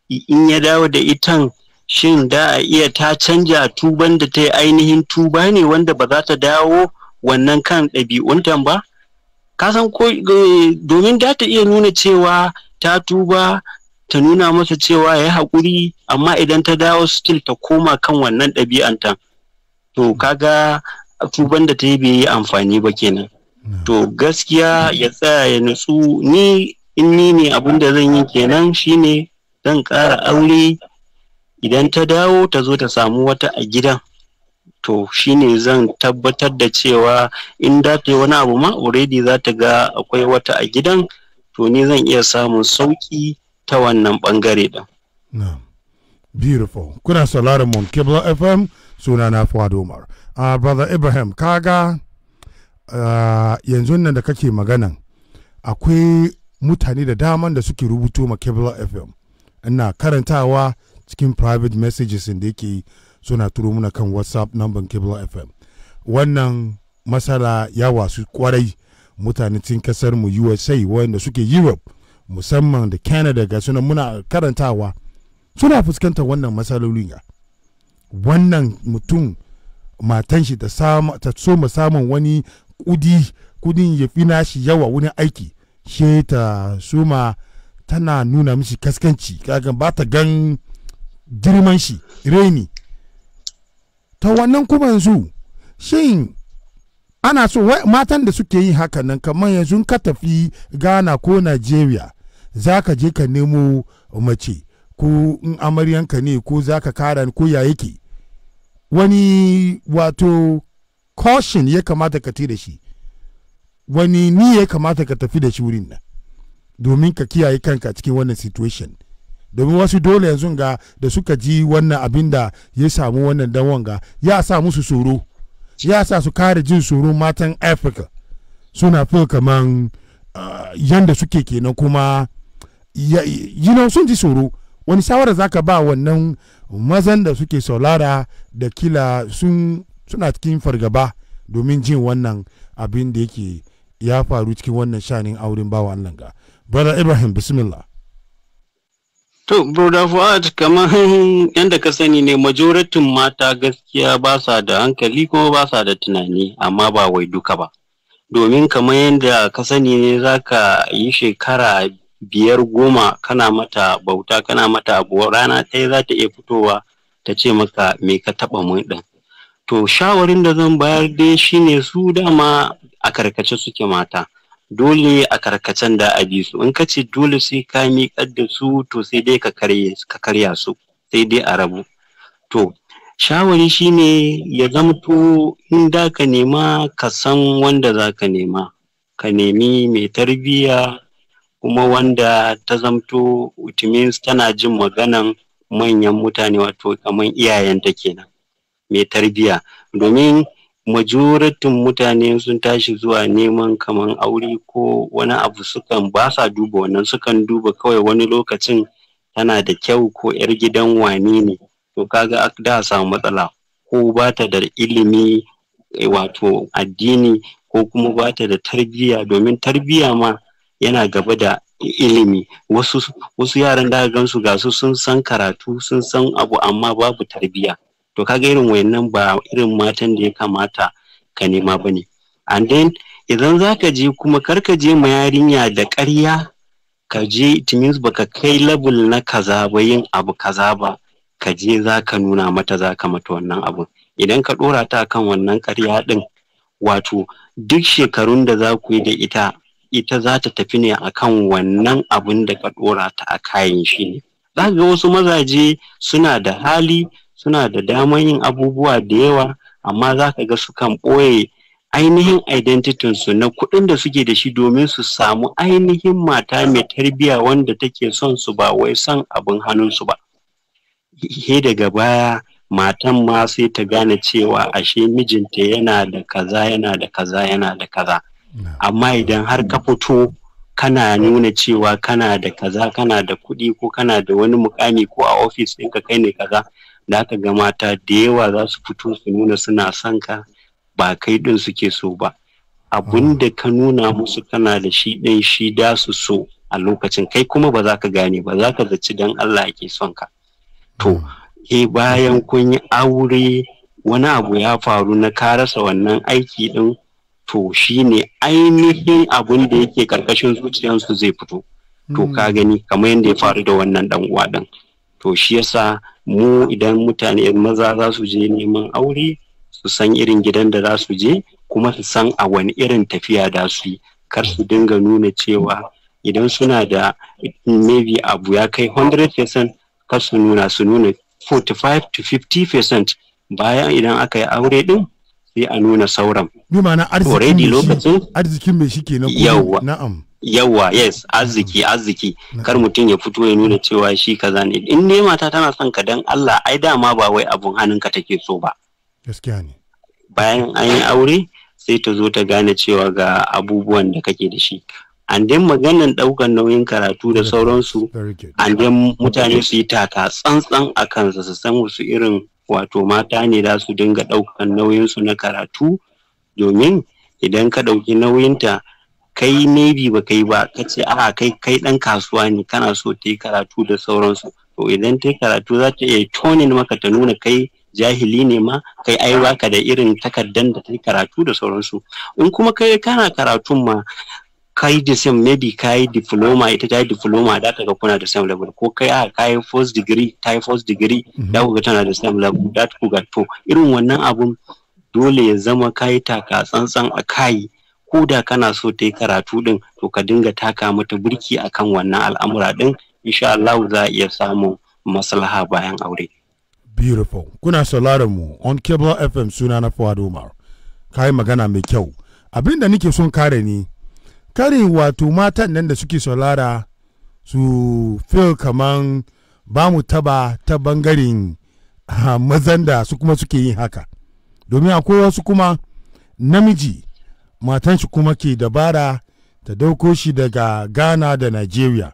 in ya dawo da itan shin da a iya ta canja tuban da ta yi ainihin tuba ne wanda ba za ta dawo wannan kan ɗabi'untan ba kasan ko eh, domin da ta iya nuna cewa ta tuba ta nuna masa cewa ya haƙuri amma idan ta dawo still ta koma kan wannan ɗabi'antan to kaga tuban da ta yi bai yi amfani ba kenan to gaskiya ya tsaya ya nutsu ni in ni ne abin da zan yi kenan shine zan ƙara aure idan ta dawo ta zo ta samu wata a gidan to shine zan tabbatar da cewa in da ta yi wani abu ma already za ta ga akwai wata a gidan to ni zan iya samun sauki ta wannan bangare ɗin. beautiful kuna sauraron mun kibla fm suna na uh, ah, brother ibrahim kaga uh, ah, yanzu nan da kake magana, akwai mutane da daman da suke rubuto ma kibla fm ina karantawa cikin private messages da yake suna turo muna kan whatsapp number cable fm wannan matsala ya wasu kwarai mutane cikin kasar mu usa wanda suke europe musamman da canada ga suna muna karantawa suna fuskantar wannan matsalolin ya wannan mutum matan shi ta so mu samun wani kudi kudin ya fi nashi yawa wani aiki she ta suma tana nuna mishi kaskanci kaga ba ta gan girman shi reni ta wannan kuma yanzu shin ana so matan da suke yi haka nan kamar yanzu ka tafi ghana ko nigeria za ka je ka nemo mace ko in amaryanka ne ko za ka kara ko ya yake wani wato caution ya kamata ka da shi wani ni ya kamata ka tafi da shi wurin nan domin ka kiyaye kanka cikin wannan situation domin wasu dole yanzu ga da suka ji wannan abin da ya samu wannan dan wanga ya sa musu tsoro ya sa su kare jin tsoro matan afirka suna fi kaman ah, yanda suke kenan kuma yi sun ji tsoro wani shawara ka ba wannan mazan da suke saulara da kila sun suna cikin fargaba domin jin wannan abin da yake ya faru cikin wannan shanin auren bawa Allah ga brother Ibrahim bismillah To, Broda Fuad, kamar yadda ka sani ne majoratin mata gaskiya ba sa da hankali kuma ba sa da tunani, amma ba wai duka ba. Domin kamar yadda ka sani ne za ka yi shekara biyar goma kana mata bauta kana mata abu rana ɗaya za ta iya fitowa ta ce maka me ka taɓa mun ɗin. To, shawarin da zan bayar dai shine su dama a karkace suke mata. dole a karkacen da a bi su in ka ce dole sai ka miƙar da su to sai dai ka karya su sai dai a rabu to shawari shine ya zamto in da ka nema ka san wanda za ka nema ka nemi mai tarbiyya kuma wanda ta zamto means tana jin maganan manyan mutane wato kamar iyayenta kenan mai tarbiyya domin majoratin mutane sun tashi zuwa neman kaman aure ko wani abu sukan ba sa duba wannan sukan duba kawai wani lokacin tana da kyau ko 'yar gidan wane ne to kaga da samu matsala ko ba ta da ilimi eh, wato addini ko kuma ba ta da tarbiyya domin tarbiyya ma yana gaba da ilimi wasu yaran da gansu gasu sun san karatu sun san abu amma babu tarbiyya to kaga irin wayannan ba irin matan da ya kamata ka nema ba ne and then idan za ka je kuma kar ka je ma yarinya da karya ka je it means baka kai level na kaza ba yin abu kaza ba ka je za ka nuna mata za ka mata wannan abun idan ka ɗora ta kan wannan ƙarya ɗin wato duk shekarun da za ku yi da ita ita za ta tafi ne akan wannan abin da ka ɗora ta a kayan shi ne. Za ga wasu mazaje suna da hali suna da daman yin abubuwa da yawa amma za ka ga sukan ɓoye ainihin identitinsu na kuɗin da suke da shi domin su samu ainihin mata mai tarbiyya wanda take son su ba wai son abin hannunsu ba. He daga baya matan ma sai ta gane cewa ashe mijinta yana da kaza yana da kaza yana da kaza. Amma idan har ka fito kana nuna cewa kana da kaza kana da kuɗi ko kana da wani mukami ko a ofis ɗinka kai ne kaza za ka ga mata da yawa za su fito su nuna suna son ka ba kai ɗin suke so ba abun ah. da ka nuna musu kana da shi ɗin shi da su so a lokacin kai kuma ba za ka gane ba za ka zaci don Allah ke son ka to ke hmm. bayan kun yi aure wani abu ya faru na ka rasa wannan aiki ɗin to shi ne ainihin abun da yake karkashin zuciyarsu zai fito to ka hmm. gani kamar yadda ya faru da wannan ɗan uwa ɗin to shi yasa mu idan mutane maza za su je neman aure su san irin gidan da za su je kuma su san a wani irin tafiya da su yi kar su dinga nuna cewa idan suna da maybe abu ya kai 100% kar su nuna su nuna 45 50% bayan idan aka yi aure din sai a nuna sauran. Bi ma'ana arzikin mai shi kenan. Na'am. yawa yes mm. arziki arziki kar mutum ya fito ya nuna cewa shi kaza ne in ne mata tana son ka dan Allah ai dama ba wai abun hannunka take so ba gaskiya ne bayan an yi aure sai ta zo ta gane cewa ga abubuwan da kake da shi an maganan ɗaukan nauyin karatu da sauransu an mutane su yi taka tsantsan a kansa su san wasu irin wato mata ne za su dinga ɗaukan nauyinsu na karatu domin idan ka ɗauki nauyinta kai maybe ba kai ba ka ce a kai kai dan kasuwa ne kana so ta yi karatu da sauransu to idan ta yi karatu za ta iya tonin maka ta nuna kai jahili ne ma kai ai baka da irin takardan da ta yi karatu da sauransu in kuma kai kana karatun ma kai da same maybe kai diploma ita ta yi diploma da ta ga kuna da same level ko kai a kai first degree ta yi first degree da mhm. ku ga tana da same level da ku ga to irin wannan abun dole ya zama kai taka tsantsan a kai ko da kana so ta yi karatu din to ka dinga taka mata burki akan wannan al'amura din insha Allah za a iya samun maslaha bayan aure beautiful kuna sauraron mu on cable fm suna na Fuad Umar kai magana mai kyau abin da nake son kare ni kare wato matan nan da suke saurara su feel kaman ba mu taba ta bangaren ah, mazan da su kuma suke yin haka domin akwai wasu kuma namiji matan shi kuma ke dabara ta dauko shi daga ghana da nigeria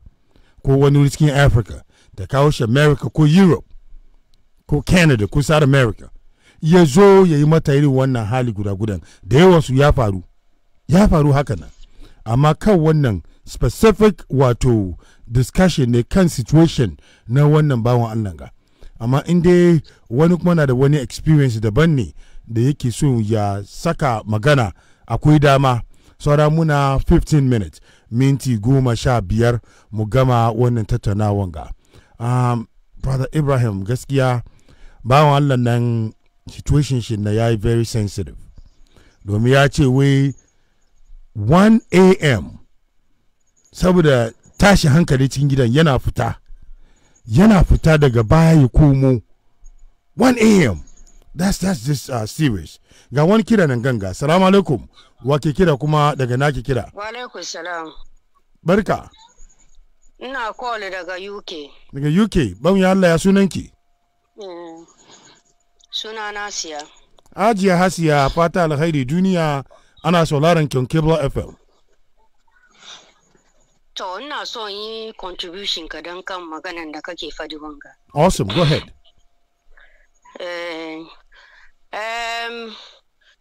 ko wani cikin africa ta kawo shi america ko europe ko canada ko south america ya zo ya yi mata irin wannan hali guda gudan da yawansu ya faru ya faru haka nan amma kan wannan specific wato discussion ne kan situation na wannan bawan allah ga amma in dai wani kuma na da wani experience daban ne da yake so ya saka magana akwai dama saura muna 15 minutes minti goma sha biyar mu gama wannan tattaunawan ga um, brother ibrahim gaskiya bawan allah nan situation shi na ya yi very sensitive domin ya ce wai 1 a.m saboda tashi hankali cikin gidan yana fita yana fita daga baya ya komo 1 a.m that's that's just uh, serious ga wani kira nan ganga salamu alaikum wa ke kira kuma daga na ke kira wa alaikum salam barka ina call daga uk daga uk ban ya Allah ya sunan ki eh, suna nasiya ajiya hasiya fata alkhairi duniya ana sauraron kyon cable fm to ina so yi contribution ka don kan maganan da kake fadi wanga awesome go ahead eh um,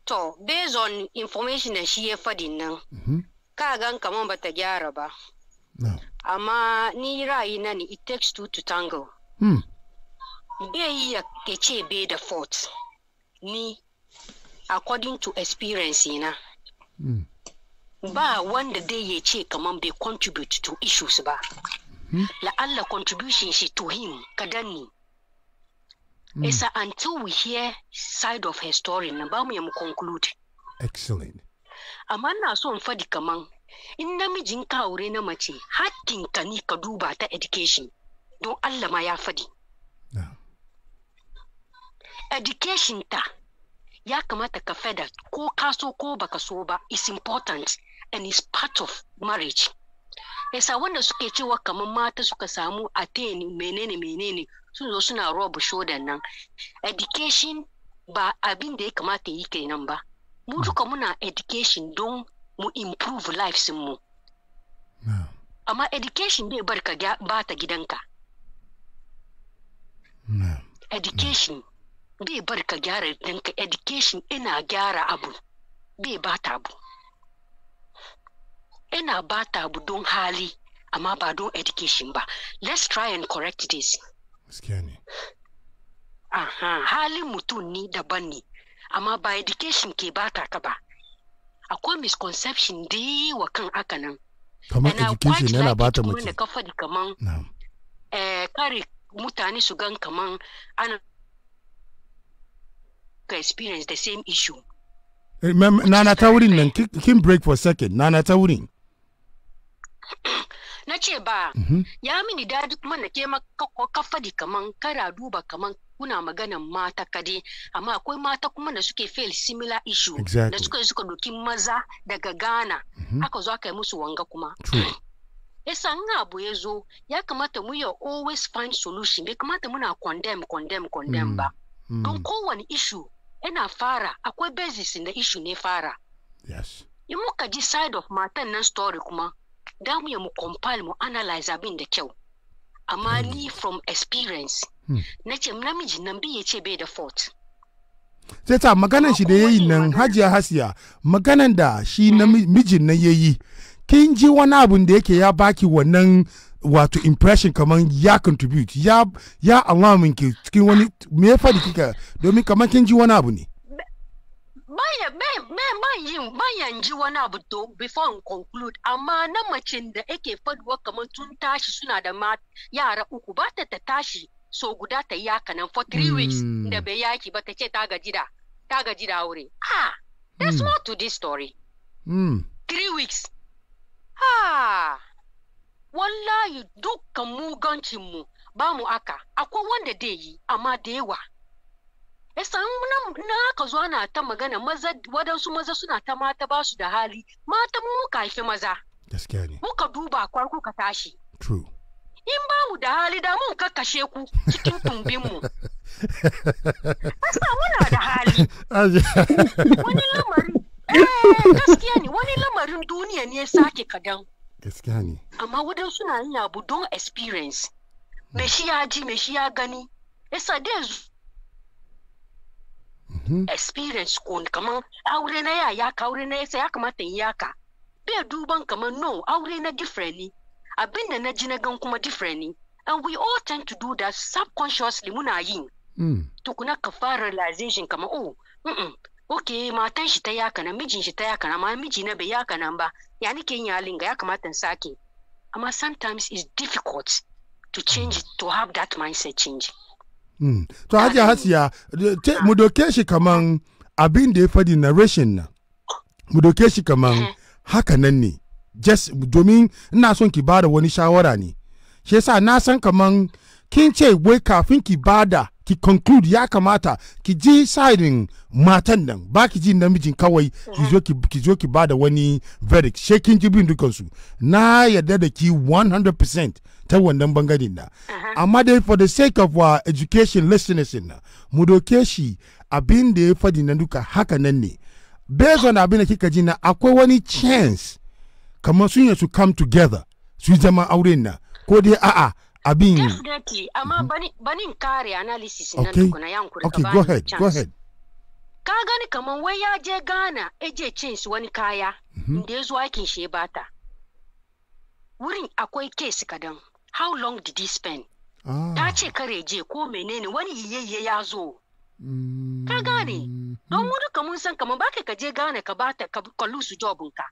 to based on information da shi ya fadin nan mhm. ka gan kamar bata gyara ba amma ni ra'ayi na ne it takes two to tango hmm. bai yi ya ce bai da fault ni according to experience na hmm. ba wanda dai ya ce kamar bai contribute to issues ba mm -hmm. la'alla contribution shi to him kadan ne Mm. It's until we hear side of her story na ba ya mu conclude. Excellent. Amma na so faɗi kaman in namijin ka aure na mace hakkin kani ni ka duba ta education don Allah ma ya faɗi. Education ta ya kamata ka fada ko kaso ko baka so ba is important and is part of marriage. sa wanda suke cewa kamar mata suka samu a attain menene menene sun zo suna rob shodan nan education ba abin da ya kamata yi kenan ba mu hmm. duka muna education don mu improve lives mu amma education bai bar ka ba ta gidanka education bai bar ka gyara gidanka education ina gyara abu bai ba ta abu ina ba ta don hali amma ba don education ba let's try and correct this Aha, halin mutum ni daban ne amma ba education ke ba ta ka ba akwai misconception da wa kan haka nan kamar education yana ba ta mutum ka faɗi kaman eh, kare mutane su gan kaman ana ka experience the same issue eh, nana ta wurin nan kin break for second nana ta wurin na ce ba mhm. ya mini dadi kuma na ke kafadi kaman kara duba kaman kuna maganan mata kade amma akwai mata kuma da suke fail similar issue da suka suka doki maza daga Ghana mhm. aka zo aka yi musu wanga kuma yasa nga abu ya zo ya kamata mu ya always find solution bai kamata muna condemn condemn condemn ba mm, mm. don kowane issue yana fara akwai basis da issue ne fara yes in muka ji side of matan nan story kuma da mu mu compile mu analyze abin da kyau amma hmm. ni from experience hmm. na ce namiji nan bi ya ce bai da fault sai ta maganan shi da ya yi nan hajiya hasiya maganan da shi hmm. namijin nan ya yi kin ji wani abu da yake ya baki wannan wato impression kaman ya contribute ya ya ki cikin wani me ya faɗi kika domin kaman kin ji wani abu ne bayan ji wani abu to before in conclude amma na macin da ake faduwa kamar tun tashi suna da yara uku ba ta tashi so guda ta yi haka nan for three weeks hmm. da bai yaki ba ta ce ta gaji da ta gaji da aure ah that's more to this story mm. three weeks ah wallahi dukkan mugancin mu ba mu aka akwai wanda dai yi amma da yawa ya samu na aka zo ana ta magana maza wadansu maza suna ta mata ba su da hali mata mu muka haifi maza gaskiya ne muka duba kwan kuka tashi true in ba mu da hali da mun kakkashe ku cikin tumbin mu asa muna da hali wani lamari eh, gaskiya ne wani lamarin duniya ne sake kadan gaskiya ne amma wadansu na yin abu don experience me shi ya ji me shi ya gani yasa dai Mhm. experience ko kamar aure na ya ya aure na yasa ya kamata in yaka bai duban kamar no aure na different ne abin da na ji na gan kuma different ne and we all tend to do that subconsciously muna yin mm. tukuna ka fara realization kamar oh ok matan shi ta yaka na mijin shi ta yaka na ma miji na bai yaka nan ba ya nike yin halin ga ya kamata in sake amma sometimes it's difficult to change to have that mindset change Mm. to hajiya hasiya eh, mu doke shi kaman abin da ya faɗi na rashin na mu doke shi kaman haka nan ne just domin ina son ki bada wani shawara ne shi yasa na san kaman kin ce wai kafin ki bada ki conclude ya kamata ki ji sidin matan nan ba ki ji namijin kawai ki zo ki ba da wani verdict shekin jibin dukansu na yarda da ki 100% ta wannan bangaren da amma dai for the sake of our education listeners na mu doke shi abin da ya fadi na duka haka nan ne based on abin da kika ji na akwai wani chance kamar sun yi su come together su zama auren na ko dai a'a abin definitely amma mhm. banin kare analysis nan tukuna yan kuri ka ba ni go ka gani kaman wai ya je gana eje cins wani kaya mhm. da ya zo aikin shi ba bata wurin akwai case kadan how long did he spend ah. ta ce kare je ko menene wani yiyayye ya zo ka gane mm-hmm. don mu kamun san kaman baka ka je Ghana ka bata ka lusu jobinka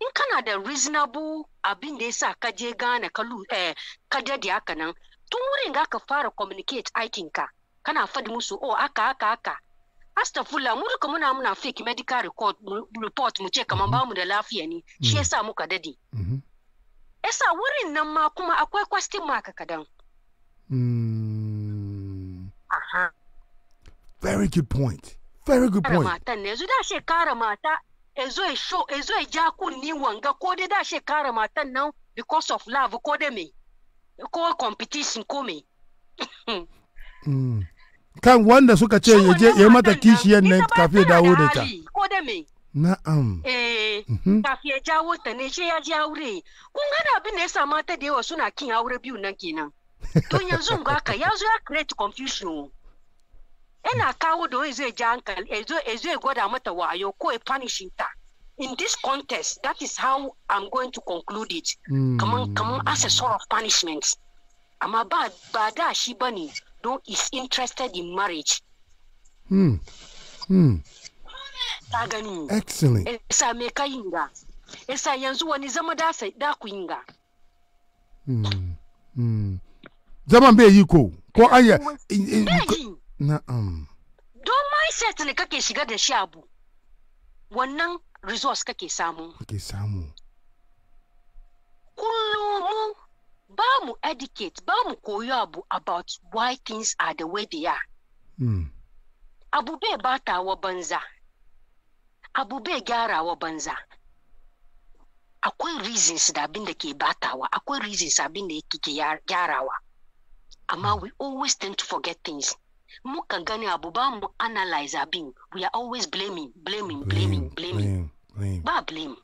in kana da reasonable abin da sa ka je gane ka eh, dade haka nan tun wurin ga ka fara communicate aikinka kana fadi musu o oh, aka aka haka fulla mu duka muna muna fake medical record, report mu ce kamar mm-hmm. bamu da lafiya ne shi yasa mm-hmm. muka dade mm-hmm. yasa wurin nan ma kuma akwai question mark kadan mm. Very good point. Very good point. Matan ne, yanzu shekara mata ezo e show ezo e zo ya wanga ko dai da shi kare matan nan because of love ko dai me ko competition ko me hmm. kan wanda suka ce ya je ya mata kishiyan nan kafi ya dawo da ta ko dai me Na'am. Eh, mhm. kafin ya jawo ta ne she ya ji aure. Kun gana abin da ya sa mata da yawa suna kin aure biyu nan kenan. Don yanzu ga ka yanzu ya create confusion. yana kawo da wai zai ji hankali zai gwada mata wayo ko ya punishing ta in this contest that is how i'm going to conclude it hmm. come on. as a sort of punishment amma ba ba da shi bane don is interested in marriage hmm hmm ta gani excellent isa me kayin ga yanzu wani zama da sai da ku yin ga zaman bai yi ko ko an Na'am. Don mindset ne kake shiga da shi abu, wannan resource kake samu. Kake samu. Kullum mu ba mu educate, ba mu koyo abu about why things are the way they are. Hmm. Abu bai batawa banza, abu bai gyarawa banza. Akwai reasons da abin da ke batawa, akwai reasons abin da yake gyarawa. Amma hmm. we always tend to forget things. muka gani abu ba mu analyze abin we are always blaming blaming blaming blaming ba blame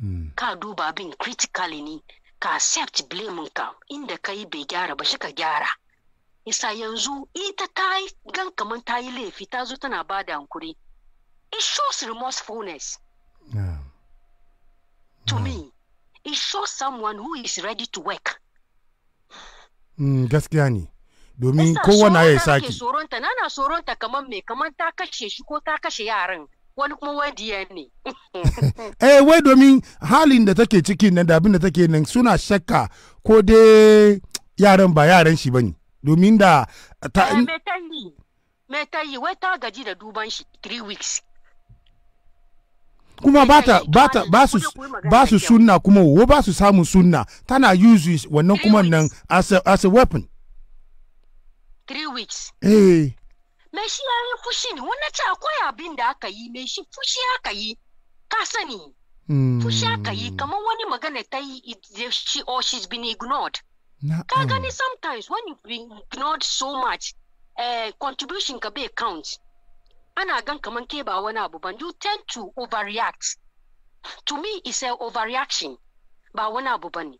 hmm. ka duba abin critically ne ka accept blame ka inda ka yi bai gyara ba shi ka gyara isa yanzu ita ta yi gan kamar ta yi laifi ta zo tana ba da hankuri it shows remorsefulness to me it shows someone who is ready to work hmm, gaskiya ne domin kowane ya sake soronta nana soronta kamar me kamar ta kashe shi ko ta kashe yaran wani kuma wadiya ne eh wai domin halin da take ciki nan da abin da take nan suna shakka ko dai yaran ba yaran shi bane domin da ta eh, me ta yi me ta yi wai ta gaji da duban shi 3 weeks kuma bata bata ba su sunna kuma wo ba su samun sunna tana using wannan kuma nan as a, as a weapon three weeks. Eh. Me shi ya yi fushi ne, wannan ce akwai abin da aka yi, me shi fushi aka yi, ka sani. Hmm. Fushi aka yi, kamar wani magana ta yi, she or she's been ignored. Ka gani sometimes when you've been ignored so much, uh, contribution ka bai count. Ana gan kamar ke ba wani abu ban, you tend to overreact. To me, it's a overreaction. Ba wani abu bane.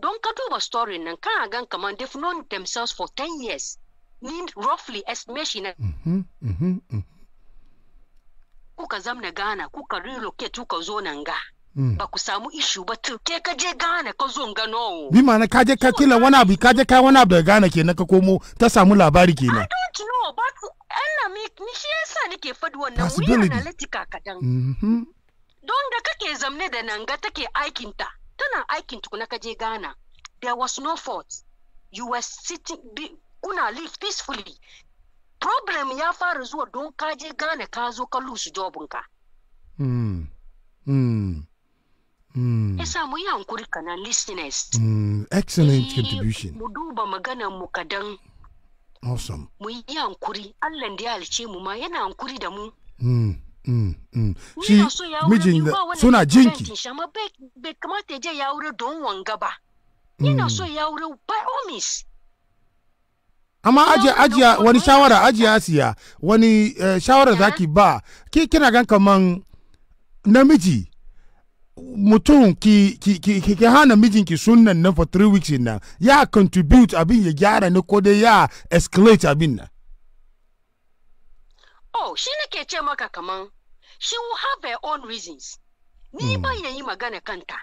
Don ka duba story nan, kan gan kamar they've known themselves for 10 years. nin roughly estimation mm-hmm, mm-hmm, mm-hmm. kuka zamna Ghana kuka relocate kuka zo nan ga mm. ba ku samu issue ba tun ke ka je Ghana ka zo gano bi na ka je ka kila wani abu ka je ka wani abu daga Ghana kenan ka komo ta samu labari kenan I don't know but Allah mi shi yasa nake faɗi wannan wuri analytical kadan don da kake zamne da nan ga take aikinta tana aikin tukuna ka je Ghana there was no fault you were sitting kuna live peacefully problem ya fara zuwa don kaje gane ka zo ka lusu jobinka hmm. hmm. hmm. Ya samu yi hankuri kanan listeners. Excellent contribution. Mu duba maganan mu kadan. Awesome. Mu yi hankuri, Allah da ya halice mu ma yana hankuri da mu. Shi mijin da suna jinki. bai kamata ya je ya wuri don wanga ba. Yana so ya wuri by all means. amma ajiya ajiya wani shawara ajiya siya wani eh, shawara zaki ba ki kina gan kaman namiji mutum ki ki ki ki, ki hana mijinki sunnan nan for three weeks nan ya contribute abin ya gyara ne ko dai ya escalate abin nan oh shi nake ce maka kaman she will have her own reasons ni hmm. ba yayi magana kanta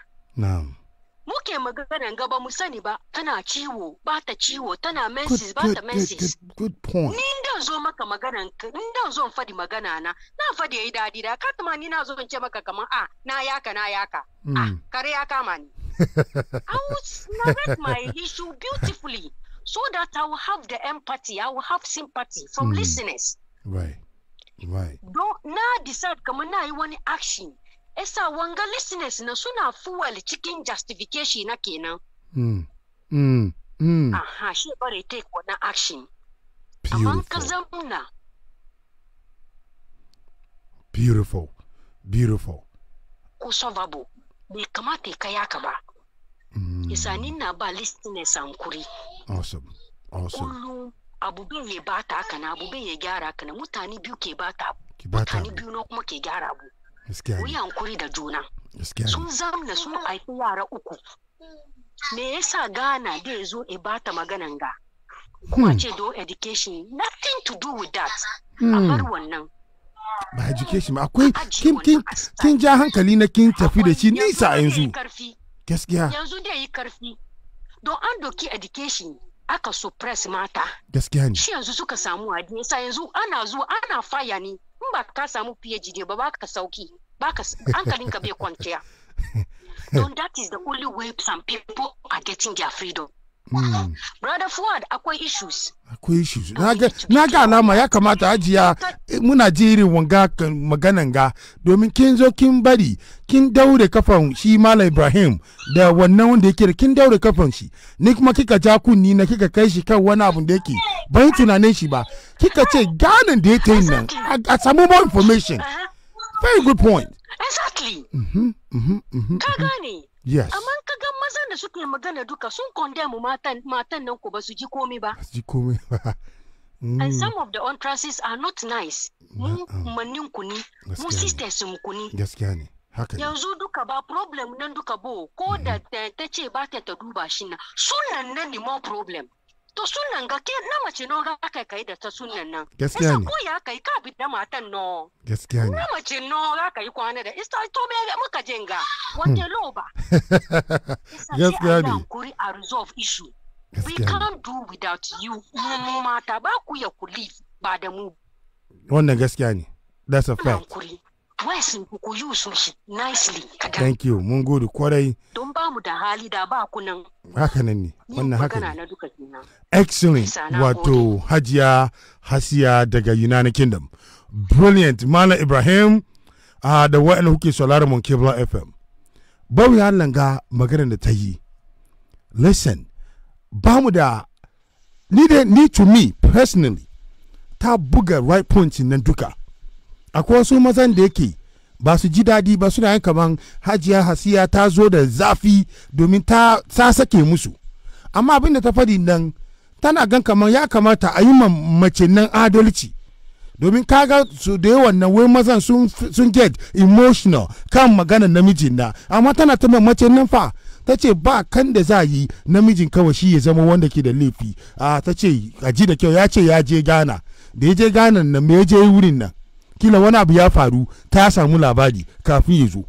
muke maganan gaba mu sani ba tana ciwo ba ta ciwo tana menses ba ta menses good point ni inda zo maka ka ni da zo fadi magana na na fadi yayi dadi da ka tuma ni na zo ce maka kamar a ah, na yaka na yaka hmm. a ah, kare ya kama ni I would narrate my issue beautifully so that I will have the empathy, I will have sympathy from mm. listeners. Right, right. Don na decide kamar na yi wani action Esa wanga listeners na suna fuwal cikin justification na kenan. Mm. Mm. Mm. Aha, shi bare take wani action. Amma ka zamuna. Beautiful. Beautiful. Ko solvable. Bai kamata ka yaka ba. Mm. Isa na ba listeners kuri. Awesome. Awesome. Kullum abu bai ya bata haka na abu bai ya gyara kana na mutane biyu ke bata abu. Mutane biyu na kuma ke gyara abu. ku yi hankuri da juna sun zamna sun haifi yara uku me yasa ghana dai zo e ta maganan ga kuma hmm. ce do education nothing to do with that a hmm. bar wannan ba education ba akwai kin kin kin ja hankali na kin tafi da shi nisa yanzu gaskiya yanzu dai yi karfi don an doki education aka suppress mata gaskiya ne shi yanzu suka samu adi yanzu ana zuwa ana faya ne in ba ka samu PhD ba ba ka sauki ba ka hankalinka bai kwanciya don that is the only way some people are getting their freedom Hmm. brother Fuad akwai issues akwai issues na ga alama ya kamata ajiya eh, muna ji irin wanga maganan ga domin kin zo kin bari kin daure kafan shi mala ibrahim da wannan wanda yake da kin daure kafan shi ni kuma kika ja kunni na kika kai shi kan wani abu da yake ban tunanin shi ba kika ce ganin da yake nan a samu more information uh-huh. very good point exactly mm-hmm, mm-hmm, mm-hmm, ka gane Yes. Amma ka ga mazan da suke magana duka sun condemn matan matan nan ko ba su ji komai ba. Su ji komai ba. Mm. And some of the entrances are not nice. Mu ah. mannin ku ni, mu sisters mu ku ni. Gaskiya ne. Haka ne. Yanzu duka ba problem nan duka bo ko mm. da ta ce ba ta duba shi na sunan nan ne more problem. to sunan ga ke na mace no ga kai kai da ta sunan nan gaskiya ne ko ya kai ka bi da matan no gaskiya ne na mace no ga kai kwana da ista to me muka jenga hmm. wanda loba gaskiya ne kuri a resolve issue we can't do without you mu mata ba ku ya ku live ba da mu wannan gaskiya ne that's a fact West ku use shi nicely. Thank you, mun gode kwarai. Don ba mu da hali da ba kunan. Haka nan ne, wannan haka ne. Excellent, wato Hajiya Hasiya daga United Kingdom. Brilliant, Malam Ibrahim uh, da wa'in kuke sauraron mun Kebla FM. Bau ya langa maganar da ta yi. Listen, ba mu da ni da ni to me personally ta buga right point nan duka. akwai wasu mazan da yake ba su ji daɗi ba suna yin kaman hajiya hasiya ta zo da zafi domin ta sake musu amma abin da ta faɗi nan tana gan kamar ya kamata a yi mace nan adalci domin kaga su da yawan nan wai mazan sun get emotional kan magana namijin na amma tana ta mace nan fa ta ce ba kan da za yi namijin kawai shi ya zama wanda ke da laifi a ah, ta ce a ji da kyau ya ce ya je gana da ya je gana nan me ya je wurin nan kila wani abu ya faru ta samu labari kafin ya zo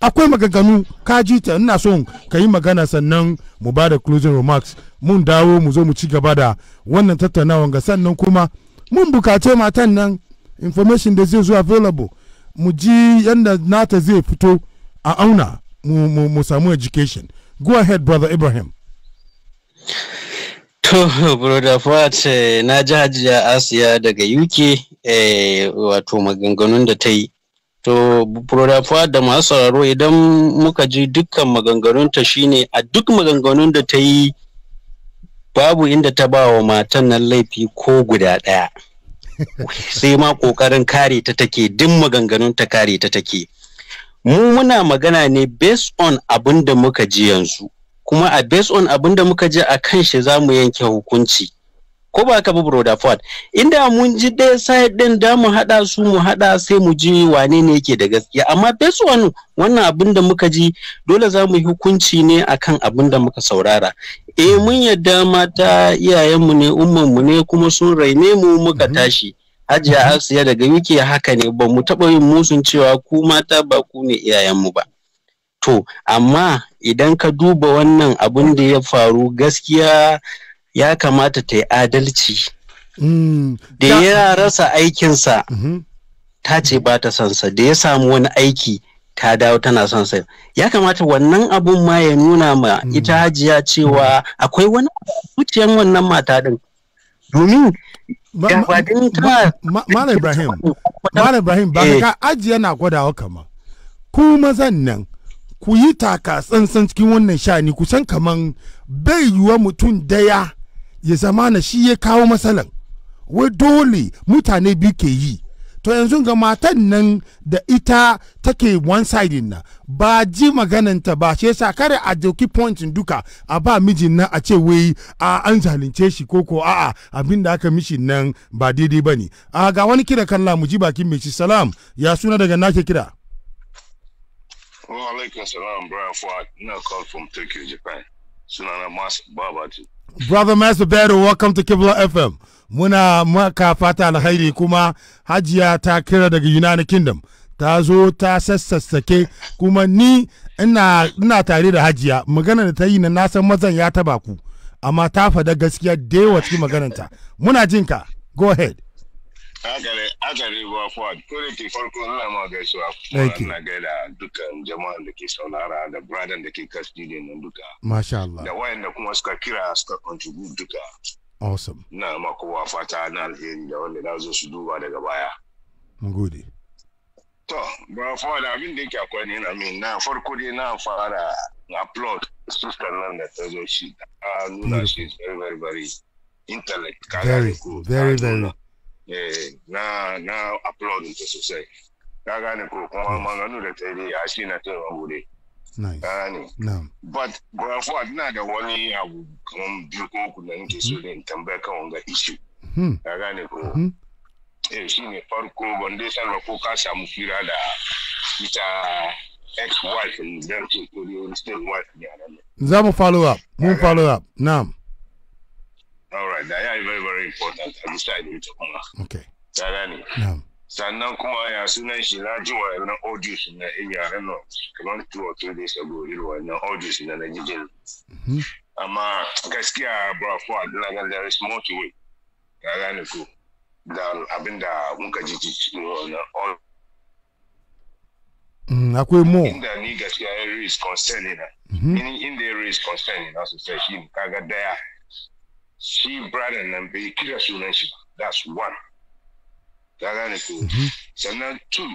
akwai maganganu ka ji ta ina son ka yi magana sannan mu ba da closing remarks mun dawo mu zo mu ci gaba da wannan tattaunawa ga sannan kuma mun bukace matan nan information da zai zo available mu ji yadda nata zai fito a auna mu samu education go ahead brother ibrahim To, Broda Fuat, na ji hajiya Asiya daga UK, eh, wato maganganun da ta yi. To, Broda Fuat da masu sauraro idan muka ji dukkan maganganunta shine a duk maganganun da ta yi babu inda ta ba wa matan nan laifi ko guda ɗaya. Sai ma ƙoƙarin kare ta take, duk maganganun ta kare ta take. Mu muna magana ne based on abin da muka ji yanzu. kuma a based on abin da muka ji a kan shi za mu yanke hukunci ko ba ka bi broda ford inda mun ji ɗaya side ɗin da mu haɗa su mu haɗa sai mu ji wane ne yake da gaskiya amma based on wannan abin da muka ji dole za mu yi hukunci ne akan abin da muka saurara eh mun yadda mata iyayenmu ne mu ne kuma sun raine mu muka mm-hmm. tashi hajiya mm-hmm. asiya daga wiki haka ne ba mu taɓa yin musun cewa ku mata ba ku ne iyayenmu ba to amma idan ka duba wannan abun da ya faru gaskiya ya kamata ta yi adalci mm. da ya rasa aikinsa mm-hmm. ta ce ba ta sansa da ya samu wani aiki ta dawo tana son sa ya kamata wannan abun ma ya nuna ma mm. ita hajiya cewa akwai wani zuciyan wannan mata din domin Malam Ibrahim, Malam Ibrahim, ba ka eh. ajiye na gwadawa kama, ku mazan nan ku yi taka tsantsan cikin wannan shani kusan kaman bai yiwa mutum daya ya zama na shi ya kawo matsalan wai dole mutane biyu ke yi to yanzu ga matan nan da ita take one side na ba ji magananta ba shi yasa kare a doki point duka a ba mijin nan a ce wai a an zalunce shi ko ko a'a abin da aka mishi nan ba daidai bane a ga wani kira kalla mu ji bakin mai shi salam ya suna daga nake kira Wa alaikum salam, Brian call from Tokyo, Japan. Sunana Mas Brother Master Bedo, welcome to Kibla FM. Muna maka fata alkhairi kuma Hajiya ta kira daga United Kingdom. Ta zo ta sassake kuma ni ina, ina tare da Hajiya. Magana da ta yi na san mazan ya taba ku. Amma ta fada gaskiya da yawa cikin magananta. Muna jinka. Go ahead. Agare ba kuwa da farko ina ma gaisuwa kuma ina gaida dukkan jama'an da ke saurara da bradan da ke kan studio nan duka. Masha Allah. Da wayanda kuma suka kira suka contribute duka. Awesome. Na ma kowa fata na alheri da wanda na zo su duba daga baya. Gode. To, ba fawa da abin da yake akwai ne na min na farko dai na fara upload sistar nan da ta zo shi. A ah, nuna shi very very very intellect. Very, very, very. Eh, na na upload ta sosai ka gane ko kuma da ta yi a shi na wuri ka gane but da wani abu kamar biyu ko uku da nake so ne tambaya kan wanga hmm. ka gane ko hmm. eh shi ne farko ban dai san ko ka samu fira da ita ex-wife in wife ne a nan. follow up, mun follow up, na'am. all right da ya yi very very important a bisa da ita kuma okay ta gane sannan kuma ya sunan shi na ji wannan audios na yaran nan kamar two or three days ago irin wannan audios na na jijin mm-hmm. amma gaskiya bro Fuad na ga there is more to it ka gane ko da abinda muka ji na wannan mm, akwai mo inda ni gaskiya area is concerning na mm-hmm. in the area is concerning na sosai shi kaga daya sea brother na bai kira sunan shi that's one ta gane ko mhm. sannan two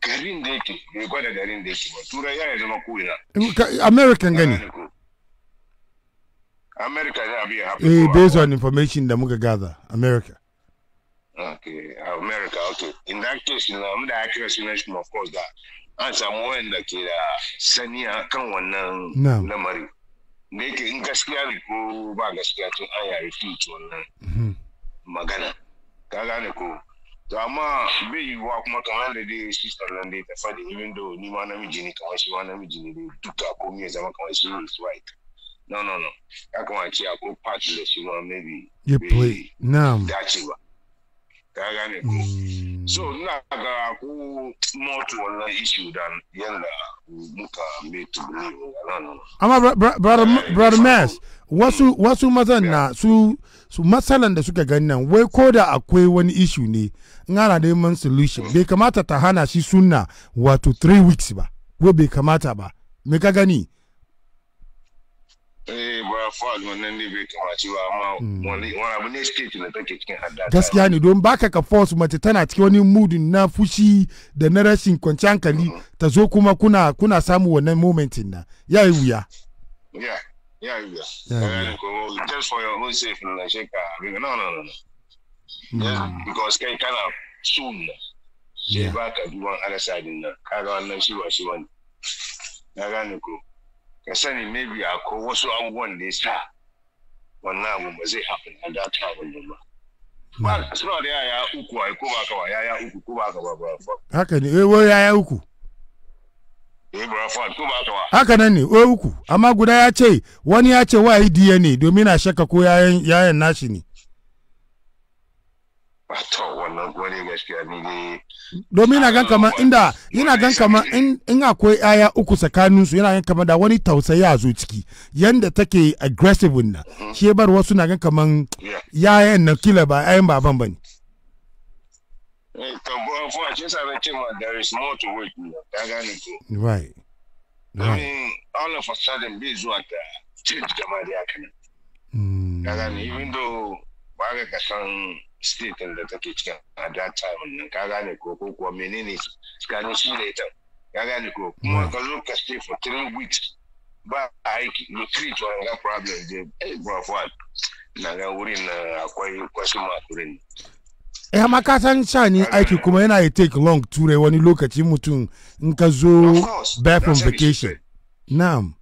garin da yake bai gwada garin da yake ba turai ya zama ko'ina american gani america za a biya hafi eh based on information da muka gather america okay america okay in that case na mu da accuracy na of course da an samu wanda ke da saniya kan wannan lamari da yake in gaskiya ne ko ba gaskiya tun an yare fit wannan mhm. magana ka gane ko to amma bai yiwuwa kuma kamar da dai sister nan dai ta fadi even though ni ma namiji ne kamar shi ma namiji ne dai duka ko me zama kamar shi is white no no no ya kama ce ko part da shi ma maybe ya play na'am dace ba ka gane ko mm. so ina ga ku motu wannan issue da yanda muka metu ne amma brother eh, mass wasu wasu mazan na su su matsalan da suka gani nan wai ko da akwai wani isu ne in ana neman solution bai kamata ta hana shi sunna wato 3 weeks ba ko bai kamata ba me ka gani eh fawal wannan ne bai kamaci ba amma hmm. wani abu ne state ne take cikin hadda gaskiya ne don baka ka force mace tana cikin wani mudun na fushi da na rashin kwanciyar hankali hmm. ta zo kuma kuna kuna samu wannan momentin na ya yi wuya ya ya yi wuya just for your gane ko ka sani maybe akwai wasu abubuwan da ya sa wannan abu ba zai hafi na data wannan ba ba hmm. suna da yaya uku ai ko ba kawa yaya uku ko ba ka ba ba haka ne eh wai yaya uku eh ba fa ko ba kawa haka nan ne eh uku amma guda ya ce wani ya ce wai DNA domin a shakka ko yayan yayan nashi ne ba to wannan kuma gaskiya ni dai domin gan inda ina gan in akwai yaya uku tsakanin su yana gan kamar da wani tausayi a zo ciki yanda take aggressive na mm-hmm. shi bar wasu na gan kamar yayan na kila ba ayan baban bane tambuwan fuwa shi sa na ma there is more to wait ka gane ko right right all of a sudden bai zuwa ta change kamar ya kana mm. ka gane even though ba ka san state da take cikin a that time nan ka gane ko ko kuwa menene tsakanin shi da ita ka gane ko kuma mm. ka zo ka stay for three weeks ba aiki you treat wanga problem je ba fa na ga wurin na akwai kwashi ma wurin eh amma ka san ni aiki kuma yana ya take long ture wani lokaci mutum in ka zo back from vacation na'am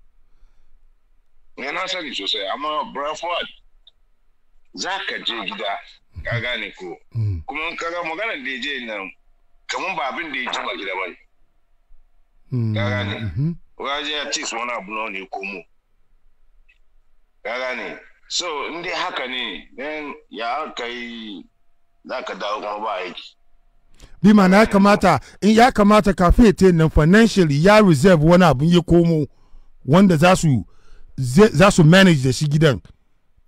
yana eh, sani sosai amma bra za ka je gida ka gane ko mm. kuma ga maganar da je nan kamar ba abin da ya ji ba gida ba mm. ka gane mm-hmm. waje ya ce wani abu na ne ko mu ka gane so in haka ne dan ya yi za ka dawo kuma ba aiki bi ma'ana ya kamata in ya kamata kafin ya te nan financial ya reserve wani abin ya komo wanda za su za su manage da shi gidan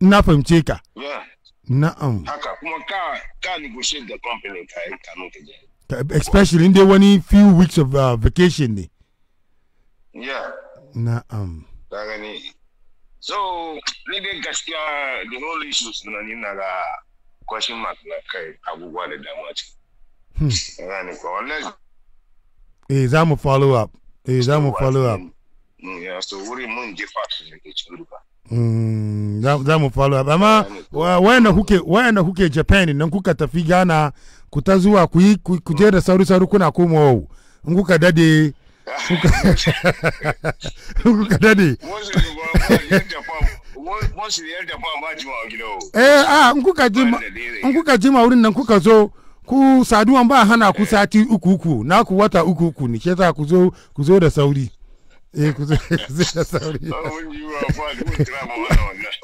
na fahimce ka yeah. Na'am. Haka kuma ka ka negotiate da company ka yi kano ka je. Especially in the one few weeks of uh, vacation ne. Yeah. Na'am. da gani. So, ni dai gaskiya the whole issues na ni na ga question mark na kai abubuwa da dama ce. Hmm. da Gani ko unless Eh za mu follow up. Eh za mu follow up. Mm, yeah, so wuri mun je fast ne ke ci ruba Mm, za mu falo up amma wayanda kuke wayanda kuke Japan nan kuka tafi Ghana kuta zuwa ku yi ku je da sauri sauri kuna komawa in kuka dade kuka dade eh a ah, in kuka ji in kuka jima wurin nan kuka zo ku saduwan ba hana ku eh. sati uku uku na ku wata uku uku ne ke za ku zo ku zo da sauri eh ku zai da sauri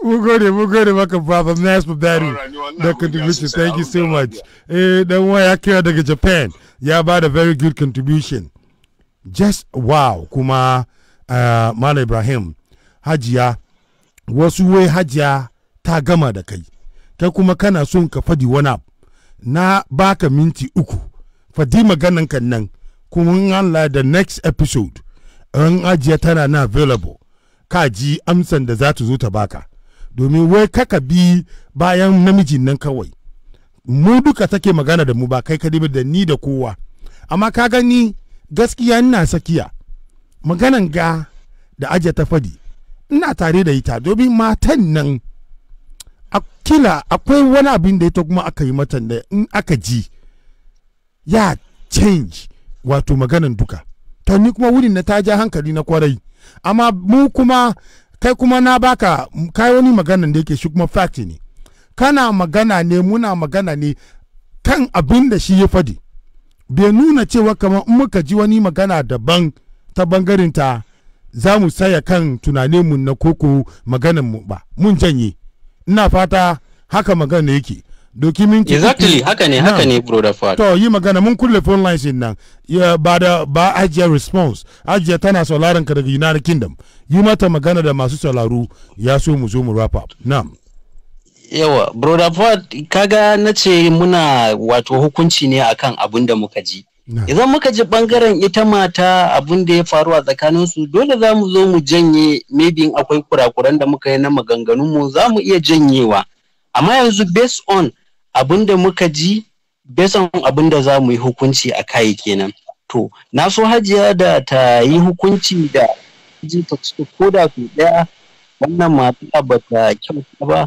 mu gode mu gode maka brother nice for daddy da contribution thank you so much eh dan waya kira daga japan ya ba da very good contribution just wow kuma uh, ibrahim hajiya wasu wai hajiya ta gama da kai kai kuma kana son ka fadi wani abu na baka minti uku fadima ganan kan nan kuma an the next episode an ajiye tana na available ka ji amsan da za zo ta baka domin wai kaka bi bayan namijin nan kawai mu duka take magana da mu ba kai kadai da ni da kowa amma ka gani gaskiya ina sakiya maganan ga da ajiye ta fadi ina tare da ita domin matan nan a kila akwai wani abin da ita kuma aka yi mata da in aka ji ya change wato maganan duka ta ni kuma wurin na ta ja hankali na kwarai amma mu kuma kai kuma na baka kai wani maganan da yake shi kuma fact ne kana magana ne muna magana ne kan abin da shi ya fadi bai nuna cewa kamar in muka ji wani magana daban ta bangaren ta za mu saya kan tunaninmu na koko maganan mu ba mun janye ina fata haka magana yake doki minti exactly haka ne haka ne bro da fat to yi magana mun kulle phone lines din nan ba da ba ajiya response ajiya tana sauraron ka daga United Kingdom yi mata magana da masu sauraro ya so mu zo mu wrap up na'am yawa bro da fat kaga na ce muna wato hukunci ne akan abin da muka ji idan muka ji bangaren ita mata abin da ya faru a tsakanin su dole za mu zo mu janye maybe akwai kurakuran da muka yi na maganganun mu za mu iya janyewa amma yanzu based on abin da muka ji besan abin da za mu yi hukunci a kai kenan to na so hajiya da ta yi hukunci da ji ta ko da ku daya wannan mata ba ta kyauta ba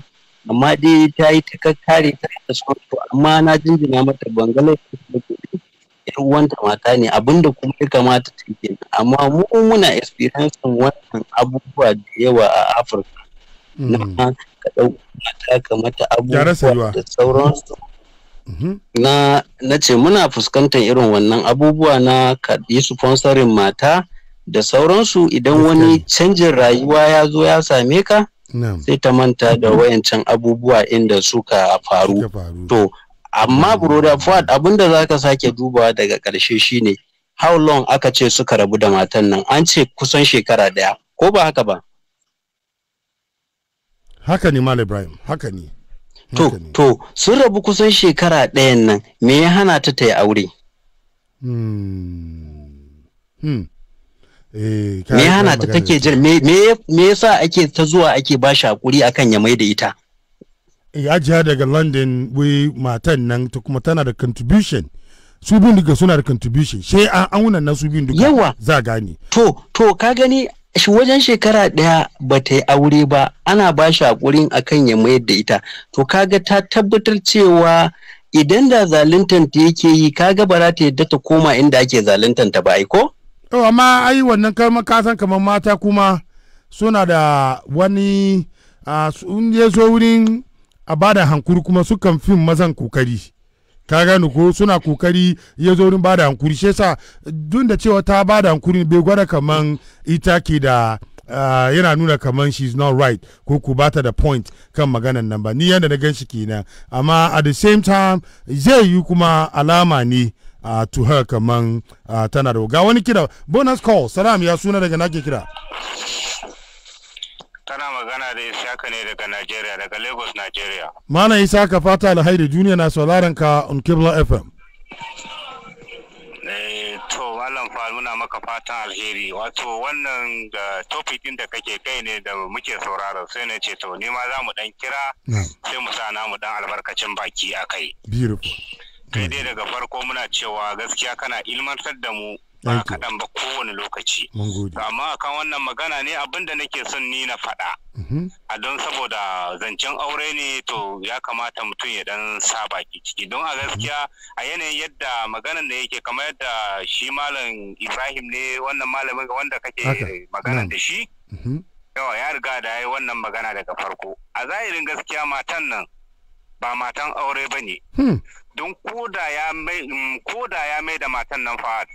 amma dai ta yi ta kakare, ta da sauransu amma na jinjina mata bangale yan uwanta mata ne Abin da kuma ya kamata ta yi amma mu muna experience wannan abubuwa da yawa a afirka mm. na ka mata abubuwa da sauransu mhm. na ce muna fuskantar irin wannan abubuwa na ka yi sponsorin mata da sauransu idan wani canjin rayuwa ya zo ya same ka sai ta manta da mhm. wayancan abubuwa inda suka faru to amma broda fuad abinda za ka sake dubawa daga ƙarshe shine how long aka ce suka rabu da matan nan an ce kusan shekara ɗaya ko ba haka ba haka ne mal ibrahim haka ne to to sun rabu kusan shekara ɗayan nan me ya hana ta ta yi aure hmm. Hmm. Eh, me ya hana ta take jir me ya sa ake ta zuwa ake ba shi hakuri akan ya mai da ita eh, ajiya daga london wai matan nan ta kuma tana da contribution su biyun duka suna da contribution sai an auna na su biyun duka yawa za gane to to ka gani wajen shekara ɗaya ba ta yi aure ba ana ba shi haƙurin a kan ya mayar da ita to kaga ta tabbatar cewa idan da zalintan ta yake yi kaga ba za ta yadda ta koma inda ake zaluntan ta ba ai ko to amma ai wannan kalmar kasan kamar mata kuma suna da wani ah, sun so wurin a bada hankuri kuma sukan fi mazan kokari ka gani ko suna kokari ya zo wurin bada hankuri shi yasa duk da cewa ta bada hankuri bai gwada kaman ita ke da yana nuna kaman she's not right ko ku bata da point kan maganan nan ba ni yadda na gan shi kenan amma at the same time zai yi kuma alama ne uh, to her kaman uh, tana da ga wani kira bonus call salam ya suna daga nake kira Tana magana da Isaka ne daga Najeriya, daga Lagos, Najeriya. Malam Isaka fata alhairi duniya na sauraron ka on Kibla FM. Eh, to Malam fa muna maka fatan alheri wato wannan da topic din da kake kai ne da muke sauraro sai na ce to nima ma za mu dan kira sai mu sana namu dan albarkacin baki a kai. Beautiful. Kai dai daga farko muna cewa gaskiya kana ilmantar da mu ba kaɗan ba kowane lokaci. Amma kan wannan magana ne abin da nake son ni na faɗa. Mhm. A don saboda zancen aure ne to ya kamata mutum ya dan saba ki ciki don a gaskiya a yanayin yadda maganan da yake kamar yadda shi malam Ibrahim ne wannan malamin wanda kake magana da shi. Mhm. Yawa ya riga da ya yi wannan magana daga farko. A zahirin gaskiya matan nan ba matan aure ba ne. Hmm. Don da ya mai da matan nan fa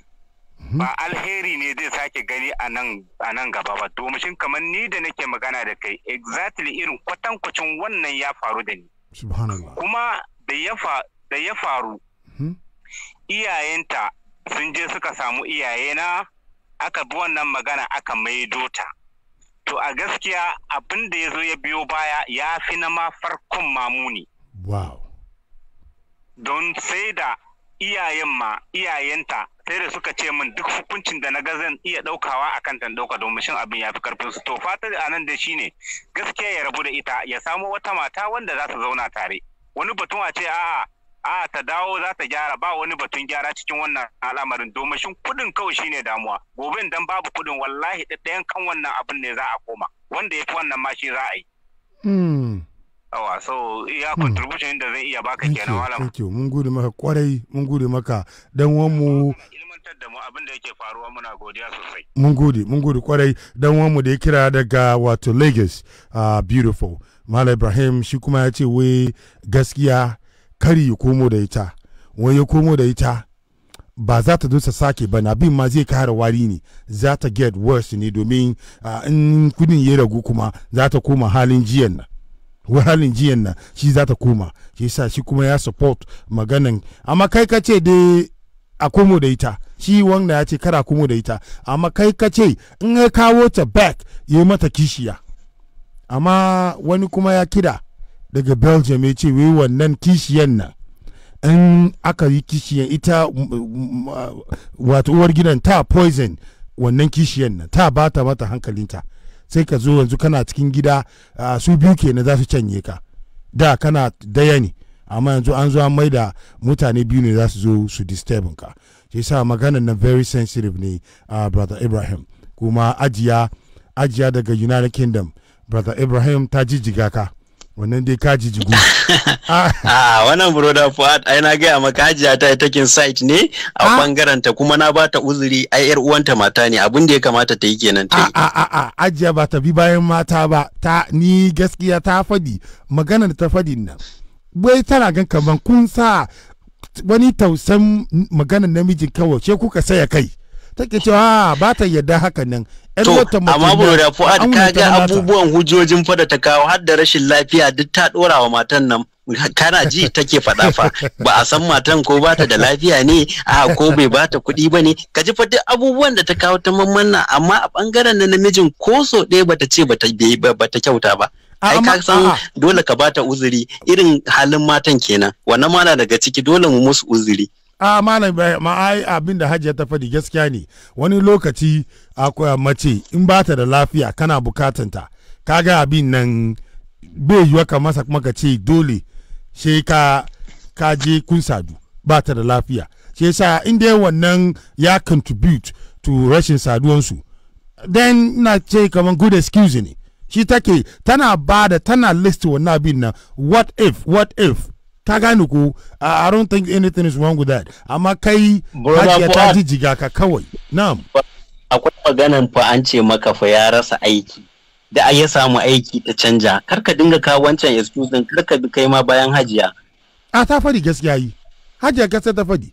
Mhm. ba alheri ne zai sake gani a nan gaba ba domin kamar ni da nake magana da kai exactly irin kwatankwacin wannan ya faru da ni kuma da ya faru mhm. iyayenta sun je suka samu iyayena aka bi wannan magana aka maido ta to a gaskiya abin da ya zo ya biyo baya ya fi na ma farkon mamuni don sai da iyayen ma iyayenta sai da suka ce min duk hukuncin da na ga zan iya daukawa a kan tan dauka domin shin abin ya fi karfin su to fata a nan da shine gaskiya ya rabu da ita ya samo wata mata wanda za ta zauna tare wani batun a ce a'a a ta dawo za ta gyara ba wani batun gyara cikin wannan al'amarin domin shin kudin kawai shine damuwa gobe dan babu kudin wallahi ɗayan kan wannan abin ne za a koma wanda ya fi wannan ma shi za a yi. Hmm. awa so iya hmm. contribution da zai iya baka kenan malam thank you mun gode maka kwarai mun gode maka dan wan mu ilmantar da mu abin da yake faruwa muna godiya sosai mun gode mun gode kwarai dan wan mu da ya kira daga wato Lagos uh, beautiful Malam Ibrahim shi kuma ya ce wai gaskiya kari ya komo da ita wai ya komo da ita ba za ta dosa sake ba na ma zai kara wari ne za ta get worse ne domin ah, in kudin ya ragu kuma za ta koma halin jiyan nan wahalin jiyan na shi za ta koma shi sa shi kuma ya support maganan amma kai ka ce dai a komo da ita shi wanda ya ce kara komo da ita amma kai ka ce in ya kawo ta back ya mata kishiya amma wani kuma ya kira daga belgium ya ce wai wannan kishiyan na in aka yi kishiyan ita wato uwar gidan ta poison wannan kishiyan na ta bata mata hankalinta sai ka zo yanzu kana cikin gida su biyu kenan za su canye ka da kana daya ne amma yanzu an zo an mai da mutane biyu ne za su zo su disturbin ka shi sa maganan na very sensitive ne a brother ibrahim kuma ajiya ajiya daga united kingdom brother ibrahim ta jijiga ka wannan dai kaji jigo a ah, wannan broda fuad ai na gaya maka makaji ta takin site ne a bangaren ah. ta kuma na bata uzuri ai yar uwanta mata ne abin da ya kamata ta yi kenan ta a a ah, a ajiya ba ta bi bayan mata ba ta ni gaskiya ta fadi magana da ta fadi nan wai tana gan kaman kun sa wani tausan magana namijin kawai ce kuka saya kai take cewa ah, ba ta yarda haka nan amma burda fuad ka ga abubuwan hujojin fada ta kawo har da rashin lafiya duk ta dora wa matan nan kana ji take faɗa fa ba a san matan ko ba ta da lafiya ne a ko bai ba ta kuɗi ba ne ka ji duk abubuwan da ta kawo ta mamanna amma a ɓangaren na namijin ko so ɗaya ba ta ce ba ta kyauta ba ai ka san dole ka ba ta uzuri irin halin matan kenan wannan mana daga ciki dole mu musu uzuri a malam ma'ai abin da hajiya ta faɗi gaskiya ne wani lokaci akwai mace in ba ta da lafiya kana bukatanta kaga abin nan bai yiwa ka masa maka ce dole sai ka ka je kun sadu ba ta da lafiya shi sa in dai wannan ya contribute to rashin saduwansu then na ce kamar good excuse ne shi take tana ba da tana list wannan abin nan what if what if ta gane ko i don't think anything is wrong with that amma kai hajiya ta jijjiga ka kawai na'am akwai maganan fa an ce maka fa ya rasa aiki da ya samu aiki ta canja kar ka dinga ka wancan excuse din kar ka bi kai ma bayan hajiya a ta fadi gaskiya yi hajiya gaskiya ta fadi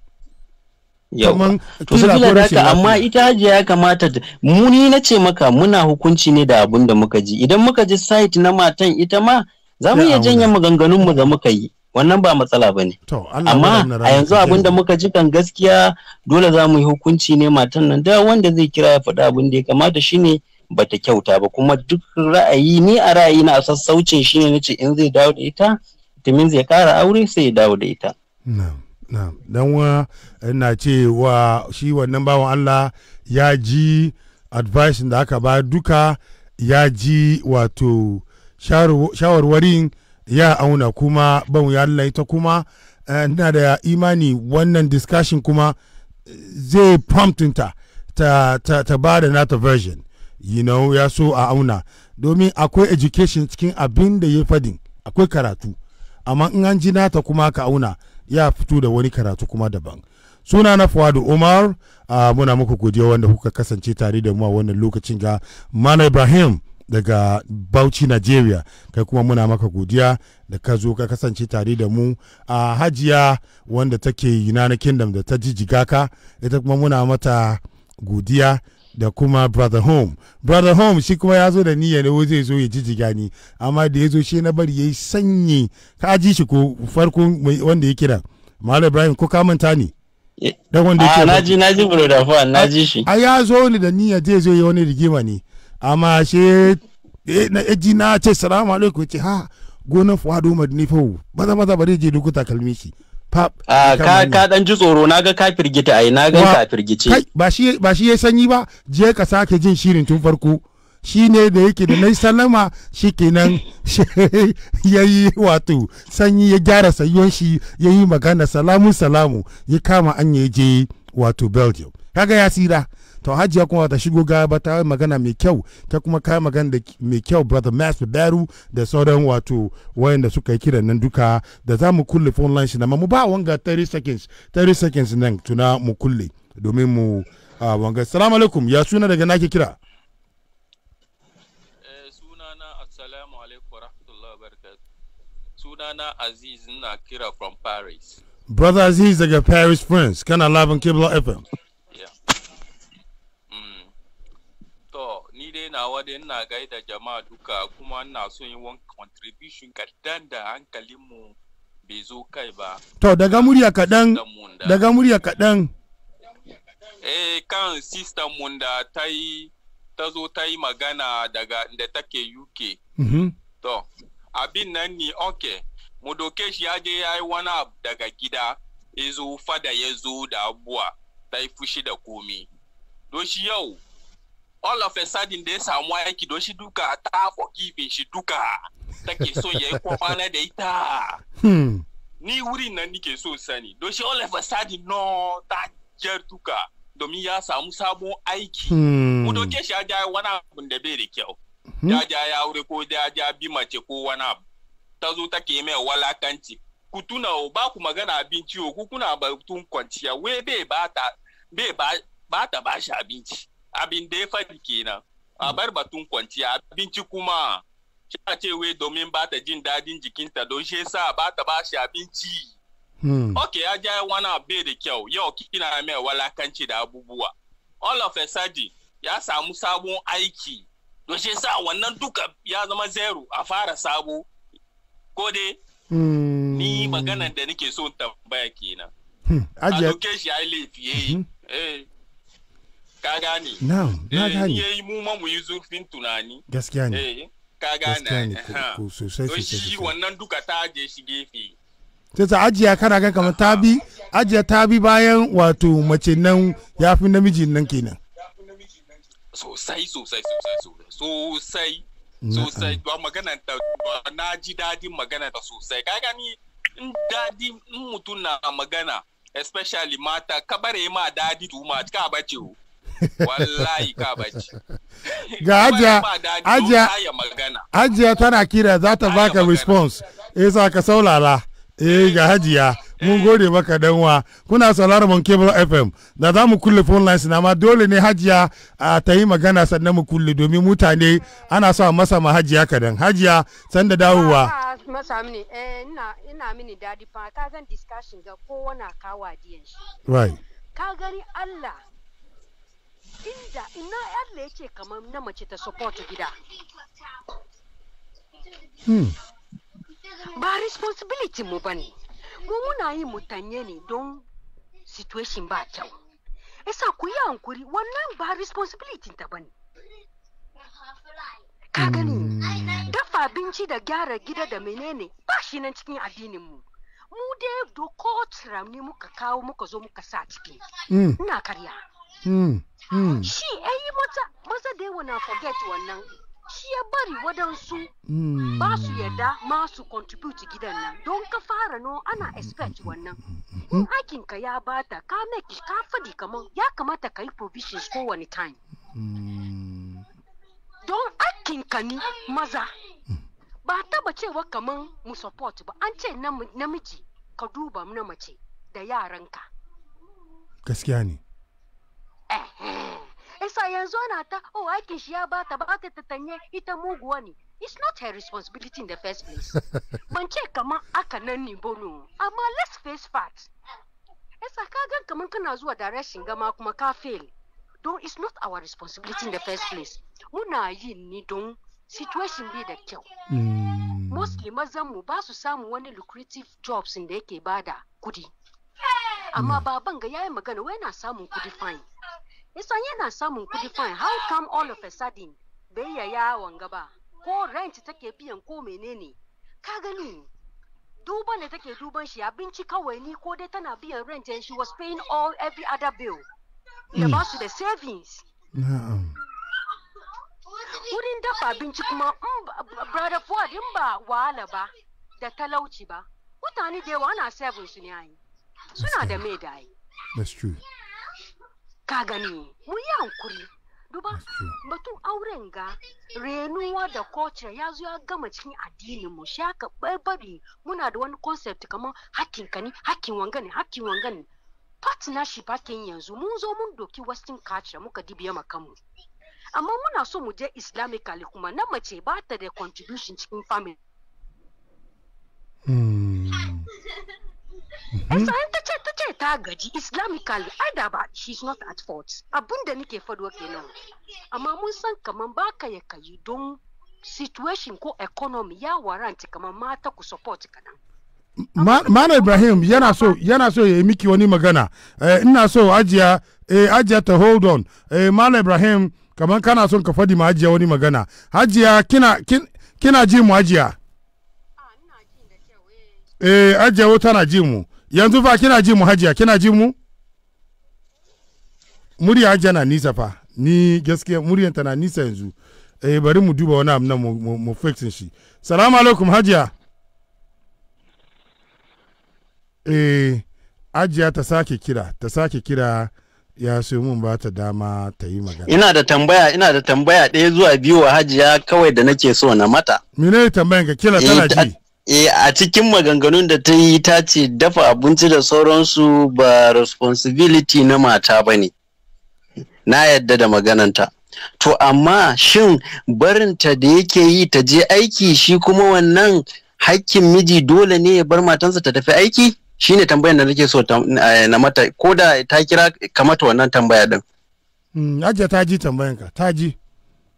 kaman kila amma ita hajiya ya kamata mu ni na ce maka muna hukunci ne da abun da muka ji idan muka ji site na matan ita ma za mu iya janye maganganun mu da muka yi wannan ba matsala ba ne. Amma a yanzu abin da muka ji kan gaskiya dole za mu yi hukunci ne matan nan da wanda zai kira ya faɗa abin ya kamata shine bata kyauta ba kuma duk ra'ayi ni a ra'ayi na a sassaucin shine na ce in zai dawo da ita tumin zai kara aure sai ya dawo da ita. Dan wa na ce wa shi wannan bawan Allah ya ji advice da aka ba duka ya ji wato shawarwarin ya auna kuma ban ya Allah kuma eh, ina da imani wannan discussion kuma eh, zai promptinta ta, ta, ba da nata version you know ya so a auna domin akwai education cikin abin da ya fadin akwai karatu amma in an ji nata kuma ka auna ya fito da wani karatu kuma daban suna na fawadu umar ah, muna muku godiya wanda kuka kasance tare da mu a wannan lokacin ga mana ibrahim daga Bauchi Nigeria kai kuma muna maka godiya da ka zo ka kasance tare da mu a hajiya wanda take United Kingdom da ta jijiga ka ita kuma muna mata godiya da kuma brother home brother home shi kuma ya zo da niyya ne zai zo ya jijiga ni amma da ya zo shi na bari ya yi sanyi ka ji shi ko farko wanda ya kira malam ibrahim ko ka manta ne eh, dan wanda ya kira na ji na ji brother fuad na ji shi a ya zo ni da niyya zai zo ya wani rigima ne amma she eh, na eh, ji na ce salamu alaikum ce ha gonan fuwado madini fa maza maza bari je duk takalmi shi ka dan ji tsoro naga ka firgita ai naga ka firgice ba shi ba shi sanyi ba je ka sake jin shirin tun farko shi ne da yake da nai salama shi kenan ya yi wato sanyi ya gyara sayuwan shi ya yi magana salamu salamu ya kama an ya je wato belgium kaga ya tsira to hajiya kuma ta shigo gaya ba ta magana mai kyau ta kuma ka magana mai kyau brother mass baru da sauran wato wayanda suka yi kiran nan duka da za mu kulle phone line na mu ba wanga 30 seconds 30 seconds nan tuna mu kulle domin mu wanga assalamu alaikum ya suna daga nake kira eh, sunana Aziz na kira from Paris. Brother Aziz daga Paris, France, kana labin Kibla FM. tunawa da ina gaida jama'a duka kuma ina so yin wani contribution kaɗan da hankalinmu bai zo kai ba. To daga murya kaɗan daga murya kaɗan. Eh kan system mun da ta yi ta zo ta yi magana daga da take UK. Mm-hmm. To abin nan ne ok mu doke shi ya je ya yi wani abu daga gida ya zo fada ya zo da abuwa ta yi fushi da komi. Don shi yau all of a sudden da ya samu aiki don shi duka ta forgive shi duka take so ya yi kwana da ita hmm. ni wurin nan nike so sani don shi all of a sudden no ta jar duka domin ya samu sabon aiki hmm. mu doke shi ya wani abun da bai da kyau hmm. ya ya wuri ko ya ja bi mace ko wani abu ta zo take mai walakanci ku tuna ba ku magana abinci ku kuna batun kwanciya we bai ba ba ta ba shi abinci abin da ya faɗi kenan a hmm. bar batun kwanciya abinci kuma ta ce wai domin ba ta jin dadin jikinta don shi sa ba ta ba shi abinci hmm. ok ya ja wani abu da kyau yau kina mai walakanci da abubuwa all of a sudden ya samu sabon aiki don shi sa wannan duka ya zama zero a fara sabo ko dai hmm. ni maganan da nake so tambaya kenan a doke shi ai laifi eh, eh. ka gane na'am na eh, gane yayi mu ma mu yi zurfin tunani gaskiya ne eh, ka gane ko sosai sosai shi wannan duka ta je shi gefe sai ta ajiya kana ga kamar ta bi ajiya ta bi bayan wato mace nan ya fi namiji nan kenan sosai sosai sosai sosai sosai ba magana ta na ji dadin magana ta sosai ka gani in dadi in mutum na magana especially mata ka bare ma dadi tu ma ka bace wallahi ka bacci ga ajiya ajiya ajiya tana kira za ta baka response eh za ka saurara eh ga eh. hajiya mun eh. gode maka danwa kuna saurara mun cable fm da za mu kulle phone lines na ma dole ne hajiya a ta yi magana sannan mu kulle domin mutane ana sa a masa ma hajiya kadan hajiya san da dawowa ah, ah, masa mini eh, ina ina mini dadi fa ka zan discussion ga kowa na kawa diyan shi right ka gani Allah inda ina Allah ya yake kamar na mace ta support gida hmm. ba responsibility mu bane mu muna yi mutanye ne don situation ba kyau isa ku yi hankuri wannan ba responsibility ta bane ka gani hmm. dafa abinci da gyara gida da menene ba shi nan cikin addinin mu mu dai doko ne muka kawo muka zo muka sa ciki hmm. ina karya Hmm. shi ai eh, maza da yawa na forget wannan shi ya bari wadansu hmm. ba su yarda ma su contribute gidan nan don ka fara no ana expect wannan in aikin ka ya bata ka make ka fadi kaman ya kamata ka yi provisions kowane time hmm. don aikin ka ni maza ba taba cewa kaman mu support ba an ce namiji ka duba na mace da yaranka gaskiya ne isa yanzu ana ta oh aikin shi ya bata ba ta tanye ita muguwa ne it's not her responsibility in the first place ban ce kaman aka nan ni bono amma let's face facts isa ka gan kaman kana zuwa direction gama kuma ka fail don it's not our responsibility in the first place muna yi ni don situation bi da kyau hmm. mostly mazan mu ba su samu wani lucrative jobs da yake bada kudi amma hmm. baban ga yayi magana wai na samun kudi fine Isa yana samun kudi fine. How come all of a sudden bai yaya yawon gaba? Ko rent take biyan ko menene? Ka gani duban da take duban shi abinci kawai ni ko dai tana biyan rent and she was paying all every other bill. Da hmm. ba su da savings. Wurin dafa abinci kuma mm, brother Fuad in ba wahala ba da talauci ba. Mutane da yawa ana sabon su ne ayi. Suna da mai da That's true. ka gani mu yi hankuri duba batun auren ga renuwa da culture ya zo ya gama cikin addinin mu shi aka bari muna da wani concept kamar hakkin ka ne hakkin wanga ne hakkin wanga ne partnership hakkin yanzu mun zo mun doki western culture muka dibiya makamu amma muna so mu je islamically kuma na mace ba ta da contribution cikin family hmm. Yasa mhm. eh, in ta ce ta ce ta gaji Islamically ai da ba she's not at fault. Abun da nake faɗo kenan. Amma mun san kaman baka ya kayi don situation ko economy ya waranti kaman mata ku support kanan. Mana Ibrahim yana so yana so ya yi miki wani magana. Eh, ina so ajiya eh, ajiya ta hold on. Eh, Mana Ibrahim kaman kana son ka faɗi ma ajiya wani magana. ajiya kina kin, kina ji mu ajiya. Eh, ajiyawo tana ji mu. Yanzu fa kina ji mu hajiya, kina ji mu? Murya Ajiya na nisa fa, ni gaskiya muryan na nisa yanzu. Eh, bari mu duba wani abu nan mu fixin shi. Salamu alaikum hajiya. Eh, ajiya ta sake kira, ta sake kira ya so mun ba ta dama ta yi magana. Ina da tambaya, ina da tambaya ɗaya zuwa biyu wa hajiya kawai da nake so na mata. Mene tambayan ka kila tana eh, ji? E a cikin maganganun da ta yi ta ce dafa abinci da sauransu ba responsibility na mata ba ne. Na yadda da magananta. To amma shin barinta da yake yi ta je aiki shi kuma wannan hakkin miji dole ne ya bar matansa ta tafi aiki? Shi ne tambayar da nake so eh, na mata ko da ta kira kamata wannan tambaya din. Hmm, Ajiya ta ji tambayanka, ta ji.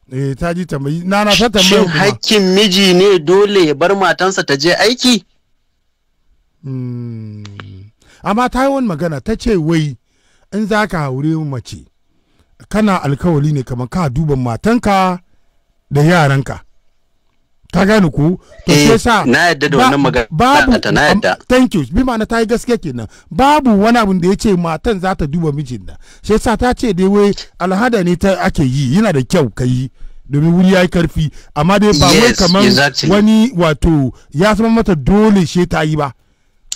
eh ta ji tambayi na ta tambayi shin hakkin miji ne dole ya bar matansa ta je aiki hmm. amma ta yi wani magana ta ce wai in za ka haure mace kana alkawali ne kamar ka duba matanka da yaranka ka gani ku to sai eh, sa na yadda da wannan magana babu na yadda thank you bi ma'ana ta yi gaske kenan babu wani abin da ya ce matan za ta duba mijin da sai sa ta ce dai wai alhada ne ta ake yi yana da kyau ka yi domin wuri ya yi karfi amma dai ba wai kamar wani wato ya zama mata dole shi ta yi ba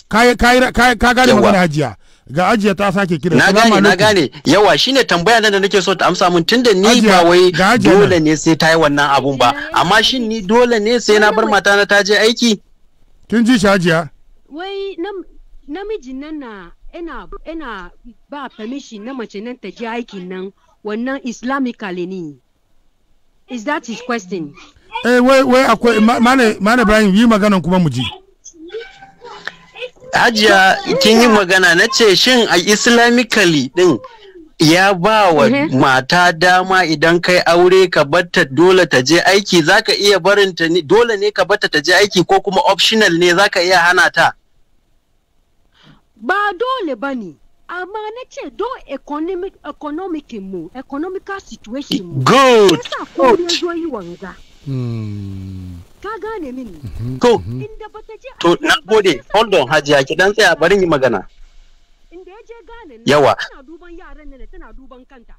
ka gane magana hajiya ga ajiya ta sake kira na gane na gane yawa shine tambaya nan da nake so ta amsa mun tunda ni ba wai dole ne sai ta yi wannan abun ba amma shin ni dole ne sai na bar mata na ta je aiki kin ji shi ajiya wai namijin nan na ina ina ba permission na mace nan ta je aikin nan wannan islamically ne is that his question eh wai wai akwai mane mane Ibrahim yi maganan kuma mu ji hajiya kin yi magana na ce shin a islamically din ya ba wa mata dama idan kai aure ka batta dole ta je aiki zaka iya barin ta dole ne ka batta ta je aiki ko kuma optional ne zaka iya hana ta ba dole ba ne amma na ce do economic mu economical situation mu good yasa yi wanga hmm. ka gane mini mhm. to mhm. to na gode hold on hajiya ki dan tsaya bari yi magana inda ya je gane yawa tana duban yaran nan tana duban kanta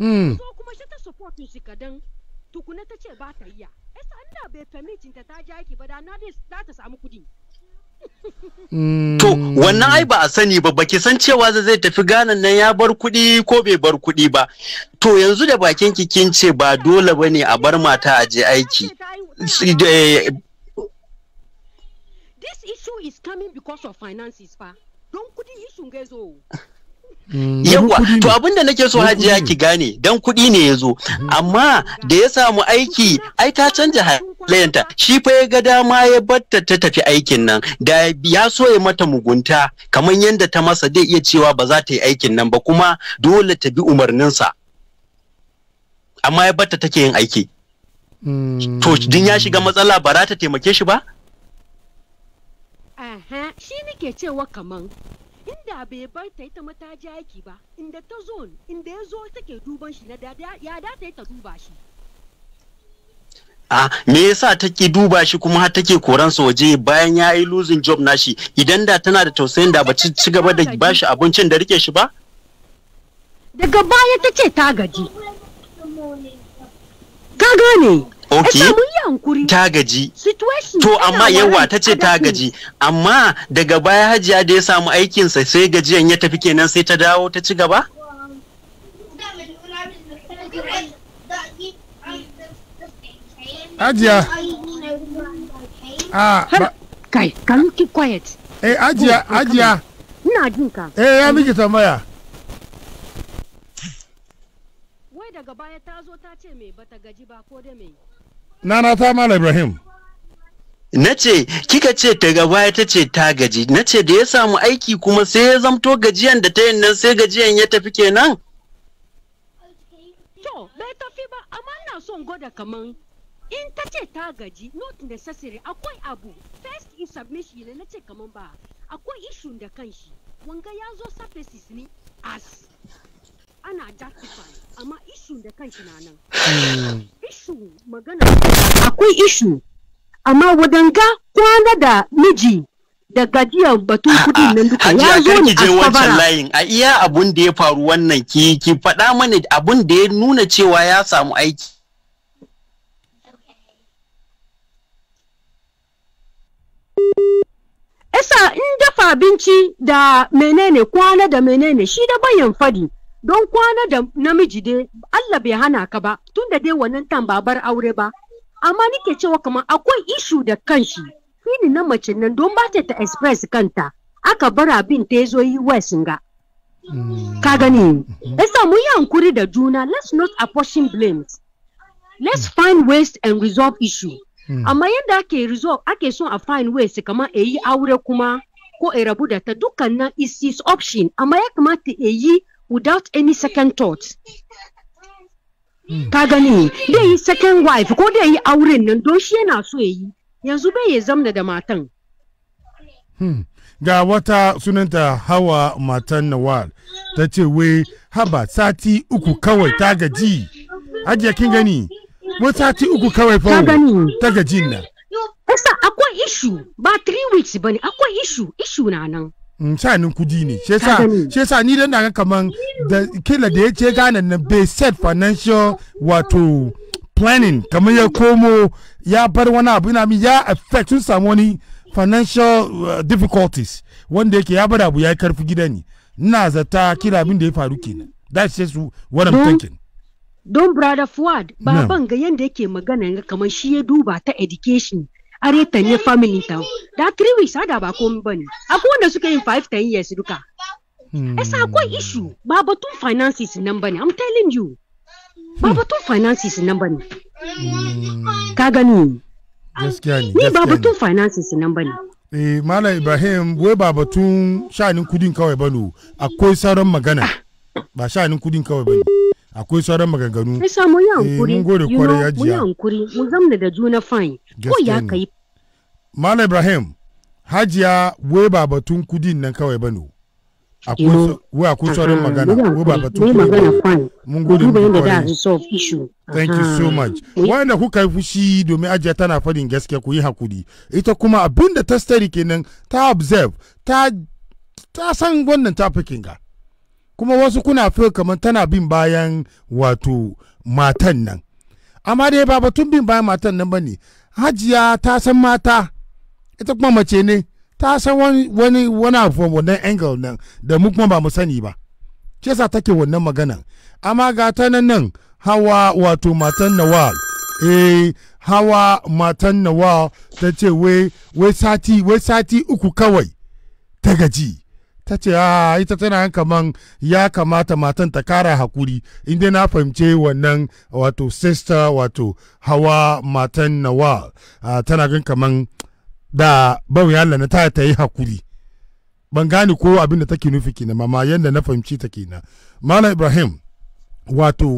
mm so kuma shi ta support shi kadan tukuna ta ce ba ta iya esa Allah bai permit ta ta jaki ba da na za ta samu kudi To, wannan ai ba a sani ba, baki san cewa zai tafi ganan nan ya bar kuɗi ko bai bar kuɗi ba. To yanzu da bakin kin ce ba dole ba ne a bar mata a je aiki. Eh, This issue is coming because of finances fa. Don kuɗi Mm. yawa to abin da nake so hajiya ki gane dan kuɗi ne ya zo mm-hmm. amma da ya samu aiki ai ta canja halayenta shi fa ya ga dama ya batta ta tafi aikin nan da ya so ya mata mugunta kamar yadda ta masa zai iya cewa ba za ta yi aikin nan ba kuma dole ta bi umarninsa amma ya batta take yin aiki mm. to din ya shiga matsala ba za ta taimake shi ba shi nake cewa kamar inda bai bar ta ita mata jaki ba inda ta zo inda ya zo take duban shi na dada ya da ta yi ta duba shi Ah, me yasa take duba shi kuma har take koran sa waje bayan ya yi losing job nashi idan da tana da tausayin da ba ci gaba da bashi abincin da rike shi ba daga baya ta ce ta gaji ka gane ok ta gaji to amma yawa ta ce ta gaji amma daga baya hajiya da ya samu aikinsa sai gajiyan ya tafi kenan sai ta dawo ta ci gaba Ajiya. Ah, ba. Kai, kan ki quiet. Eh, Ajiya, Ajiya. Ina jin ka. Eh, ya miki tambaya. Wai daga baya ta zo ta ce me bata gaji ba ko da me. nana ta mala ibrahim na ce kika ce ta gaba ta ce ta gaji na ce da ya samu aiki kuma sai ya zamto gajiyan da ta yin nan sai gajiyan ya tafi kenan to bai tafi ba amma na son gwada kaman in ta ce ta gaji not necessary akwai abu first in submission na ce kaman ba akwai issue da kanshi wanga ya zo surfaces ne as ana justify amma ishu da na nan hmm. magana akwai ishu amma wadanga kwana da miji da gajiyar batun kudin nan duka ya zo ne a wancan layin a iya abun da ya faru wannan ki ki faɗa mana abun da ya nuna cewa ya samu aiki Esa in dafa abinci da menene kwana da menene shi da bayan fadi. don kwana da namiji dai Allah bai hana ka ba tun da dai wannan bar aure ba amma nike cewa kamar akwai ishu da kanshi Fini na mace nan don ba ta express kanta aka bar abin ta yazo yi wesin ga mm. ka gani mm-hmm. yasa mu yi hankuri da juna let's not apportion blames let's find ways and resolve issue mm. amma yadda ake resolve ake son a find ways kamar eyi aure kuma ko a rabu da ta dukkan nan is option amma ya kamata eyi. without any second thought hmm. Kagani, gani dai yi second wife ko dai yi auren nan don shi yana so ya yi yanzu bai ya zamna da matan hmm. ga wata sunanta hawa matan nawal ta ce wai haba sati uku kawai ta gaji ajiya kin gani wani sati uku kawai fa ta gaji na. kusa akwai ishu ba three weeks bane akwai ishu ishu na nan. Mm, sa'anin kudi ne shi yasa ni dan daga kaman da kila da ya ce ganan nan bai set financial wato planning kamar ya komo ya bar wani abu ina min ya affect sun samu wani financial uh, difficulties wanda yake ya bar abu ya karfi gida ne ina zata kila abin da ya faru kenan that's just what I'm thinking don brother Fuad baban ga yanda yake magana kamar shi ya duba ta education are ta ne family ta da three weeks ada ba komai bane akwai wanda suka yin five ten years duka yasa akwai issue ba batun finances nan bane i'm telling you ba batun finances nan bane hmm. ka gani gaskiya ne ni ba batun finances nan bane eh malam ibrahim wai ba batun sha'anin kudin kawai bane akwai sauran magana ba sha'anin kudin kawai bane akwai sauran maganganu sai sa yi eh, hankuri mun gode kwarai ya jiya mu hankuri mu zamna da juna fine ko ya kai Malam Ibrahim Hajiya wai ba batun kudin nan kawai bane wai akwai uh-huh. sauran magana wai ba batun kudin mun gode mu kwarai. yadda da solve issue thank you so uh-huh. much da kuka yi fushi domin ajiya tana fadin gaskiya ku yi hakuri ita kuma abinda ta stari kenan ta observe ta ta san wannan tafikin ga kuma wasu kuna fi kamar tana bin bayan wato matan nan amma dai ba batun bin bayan matan nan ba ne hajiya ta san mata ita kuma mace ne ta san wani wani wannan angle nan da mu kuma ba mu sani ba ce sa take wannan magana amma ga ta nan nan hawa wato matan nawal eh hawa matan nawal ta ce wai sati uku kawai ta gaji ta ce a ah, ita tana kaman ya kamata matan ta kara hakuri inda na fahimce wannan wato sister wato hawa matan nawa ah, tana gan kaman da bawai Allah na ta ta yi hakuri ban gane ko abin da take nufi kenan mama yadda na fahimci ta kenan malam ibrahim wato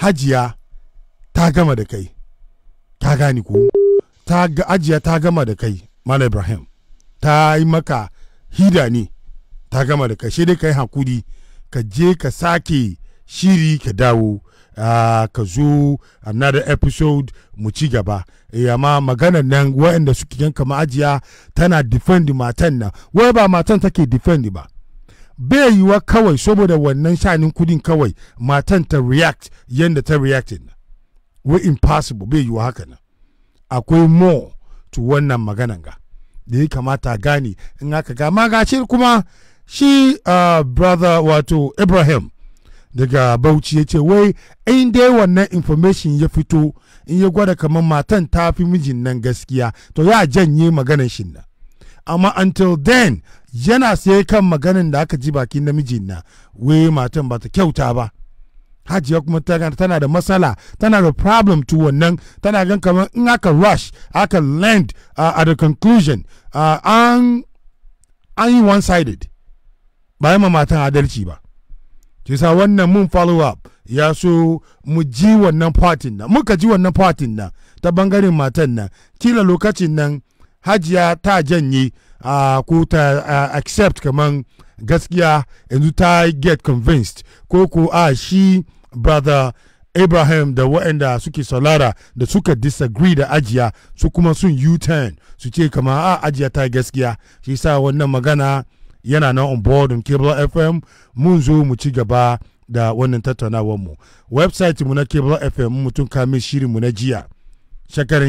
hajiya ta gama da kai ta gane ko ta hajiya ta gama da kai malam ibrahim ta yi maka hida ne ta gama da karshe dai ka yi hakuri ka je ka sake shiri ka dawo ka zo another episode mu ci gaba eh, amma maganar nan waɗanda suke kama ajiya tana defend matan nan wai ba matan take defend ba bai wa kawai saboda wannan shanin kudin kawai matan ta react yadda ta reacting na wai impossible bai wa haka nan akwai more to wannan maganan ga da ya kamata gane in aka ga magashi kuma shi uh, brother wato ibrahim daga bauchi ya ce wai in dai wannan information ya fito in ya gwada kamar matan ta fi mijin nan gaskiya to ya janye maganan shi na amma until then yana sai kan maganan da aka ji bakin namijin na wai matan ba ta kyauta ba hajiya kuma tana da matsala tana da problem to wannan tana gan kamar in aka rush aka land uh, at a conclusion uh, an yi one-sided ba yi ma matan adalci ba sa wannan mun follow up ya so mu ji wannan fatin nan muka ji wannan fatin nan ta bangaren matan nan kila lokacin nan hajiya ta janye a ko ta accept kaman gaskiya yanzu ta get convinced ko ko a shi brother Abraham da waɗanda suke salara da suka disagree da ajiya su kuma sun U-turn su ce kama a ajiya ta gaskiya shi sa wannan magana yana nan on board on cable fm mun zo mu ci gaba da wannan tattaunawar mu website mu na cable fm mutum kame shirin mu na jiya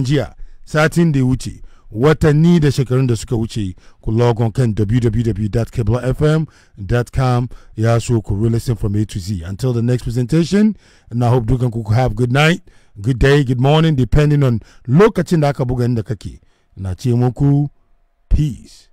jiya satin da ya wuce watanni da shekarun da suka wuce ku logon kan www.cablefm.com ya so ku listen from A to Z. Until the next presentation, and I hope dukan ku have good night, good day, good morning, depending on lokacin da aka buga inda kake. Na ce muku, peace.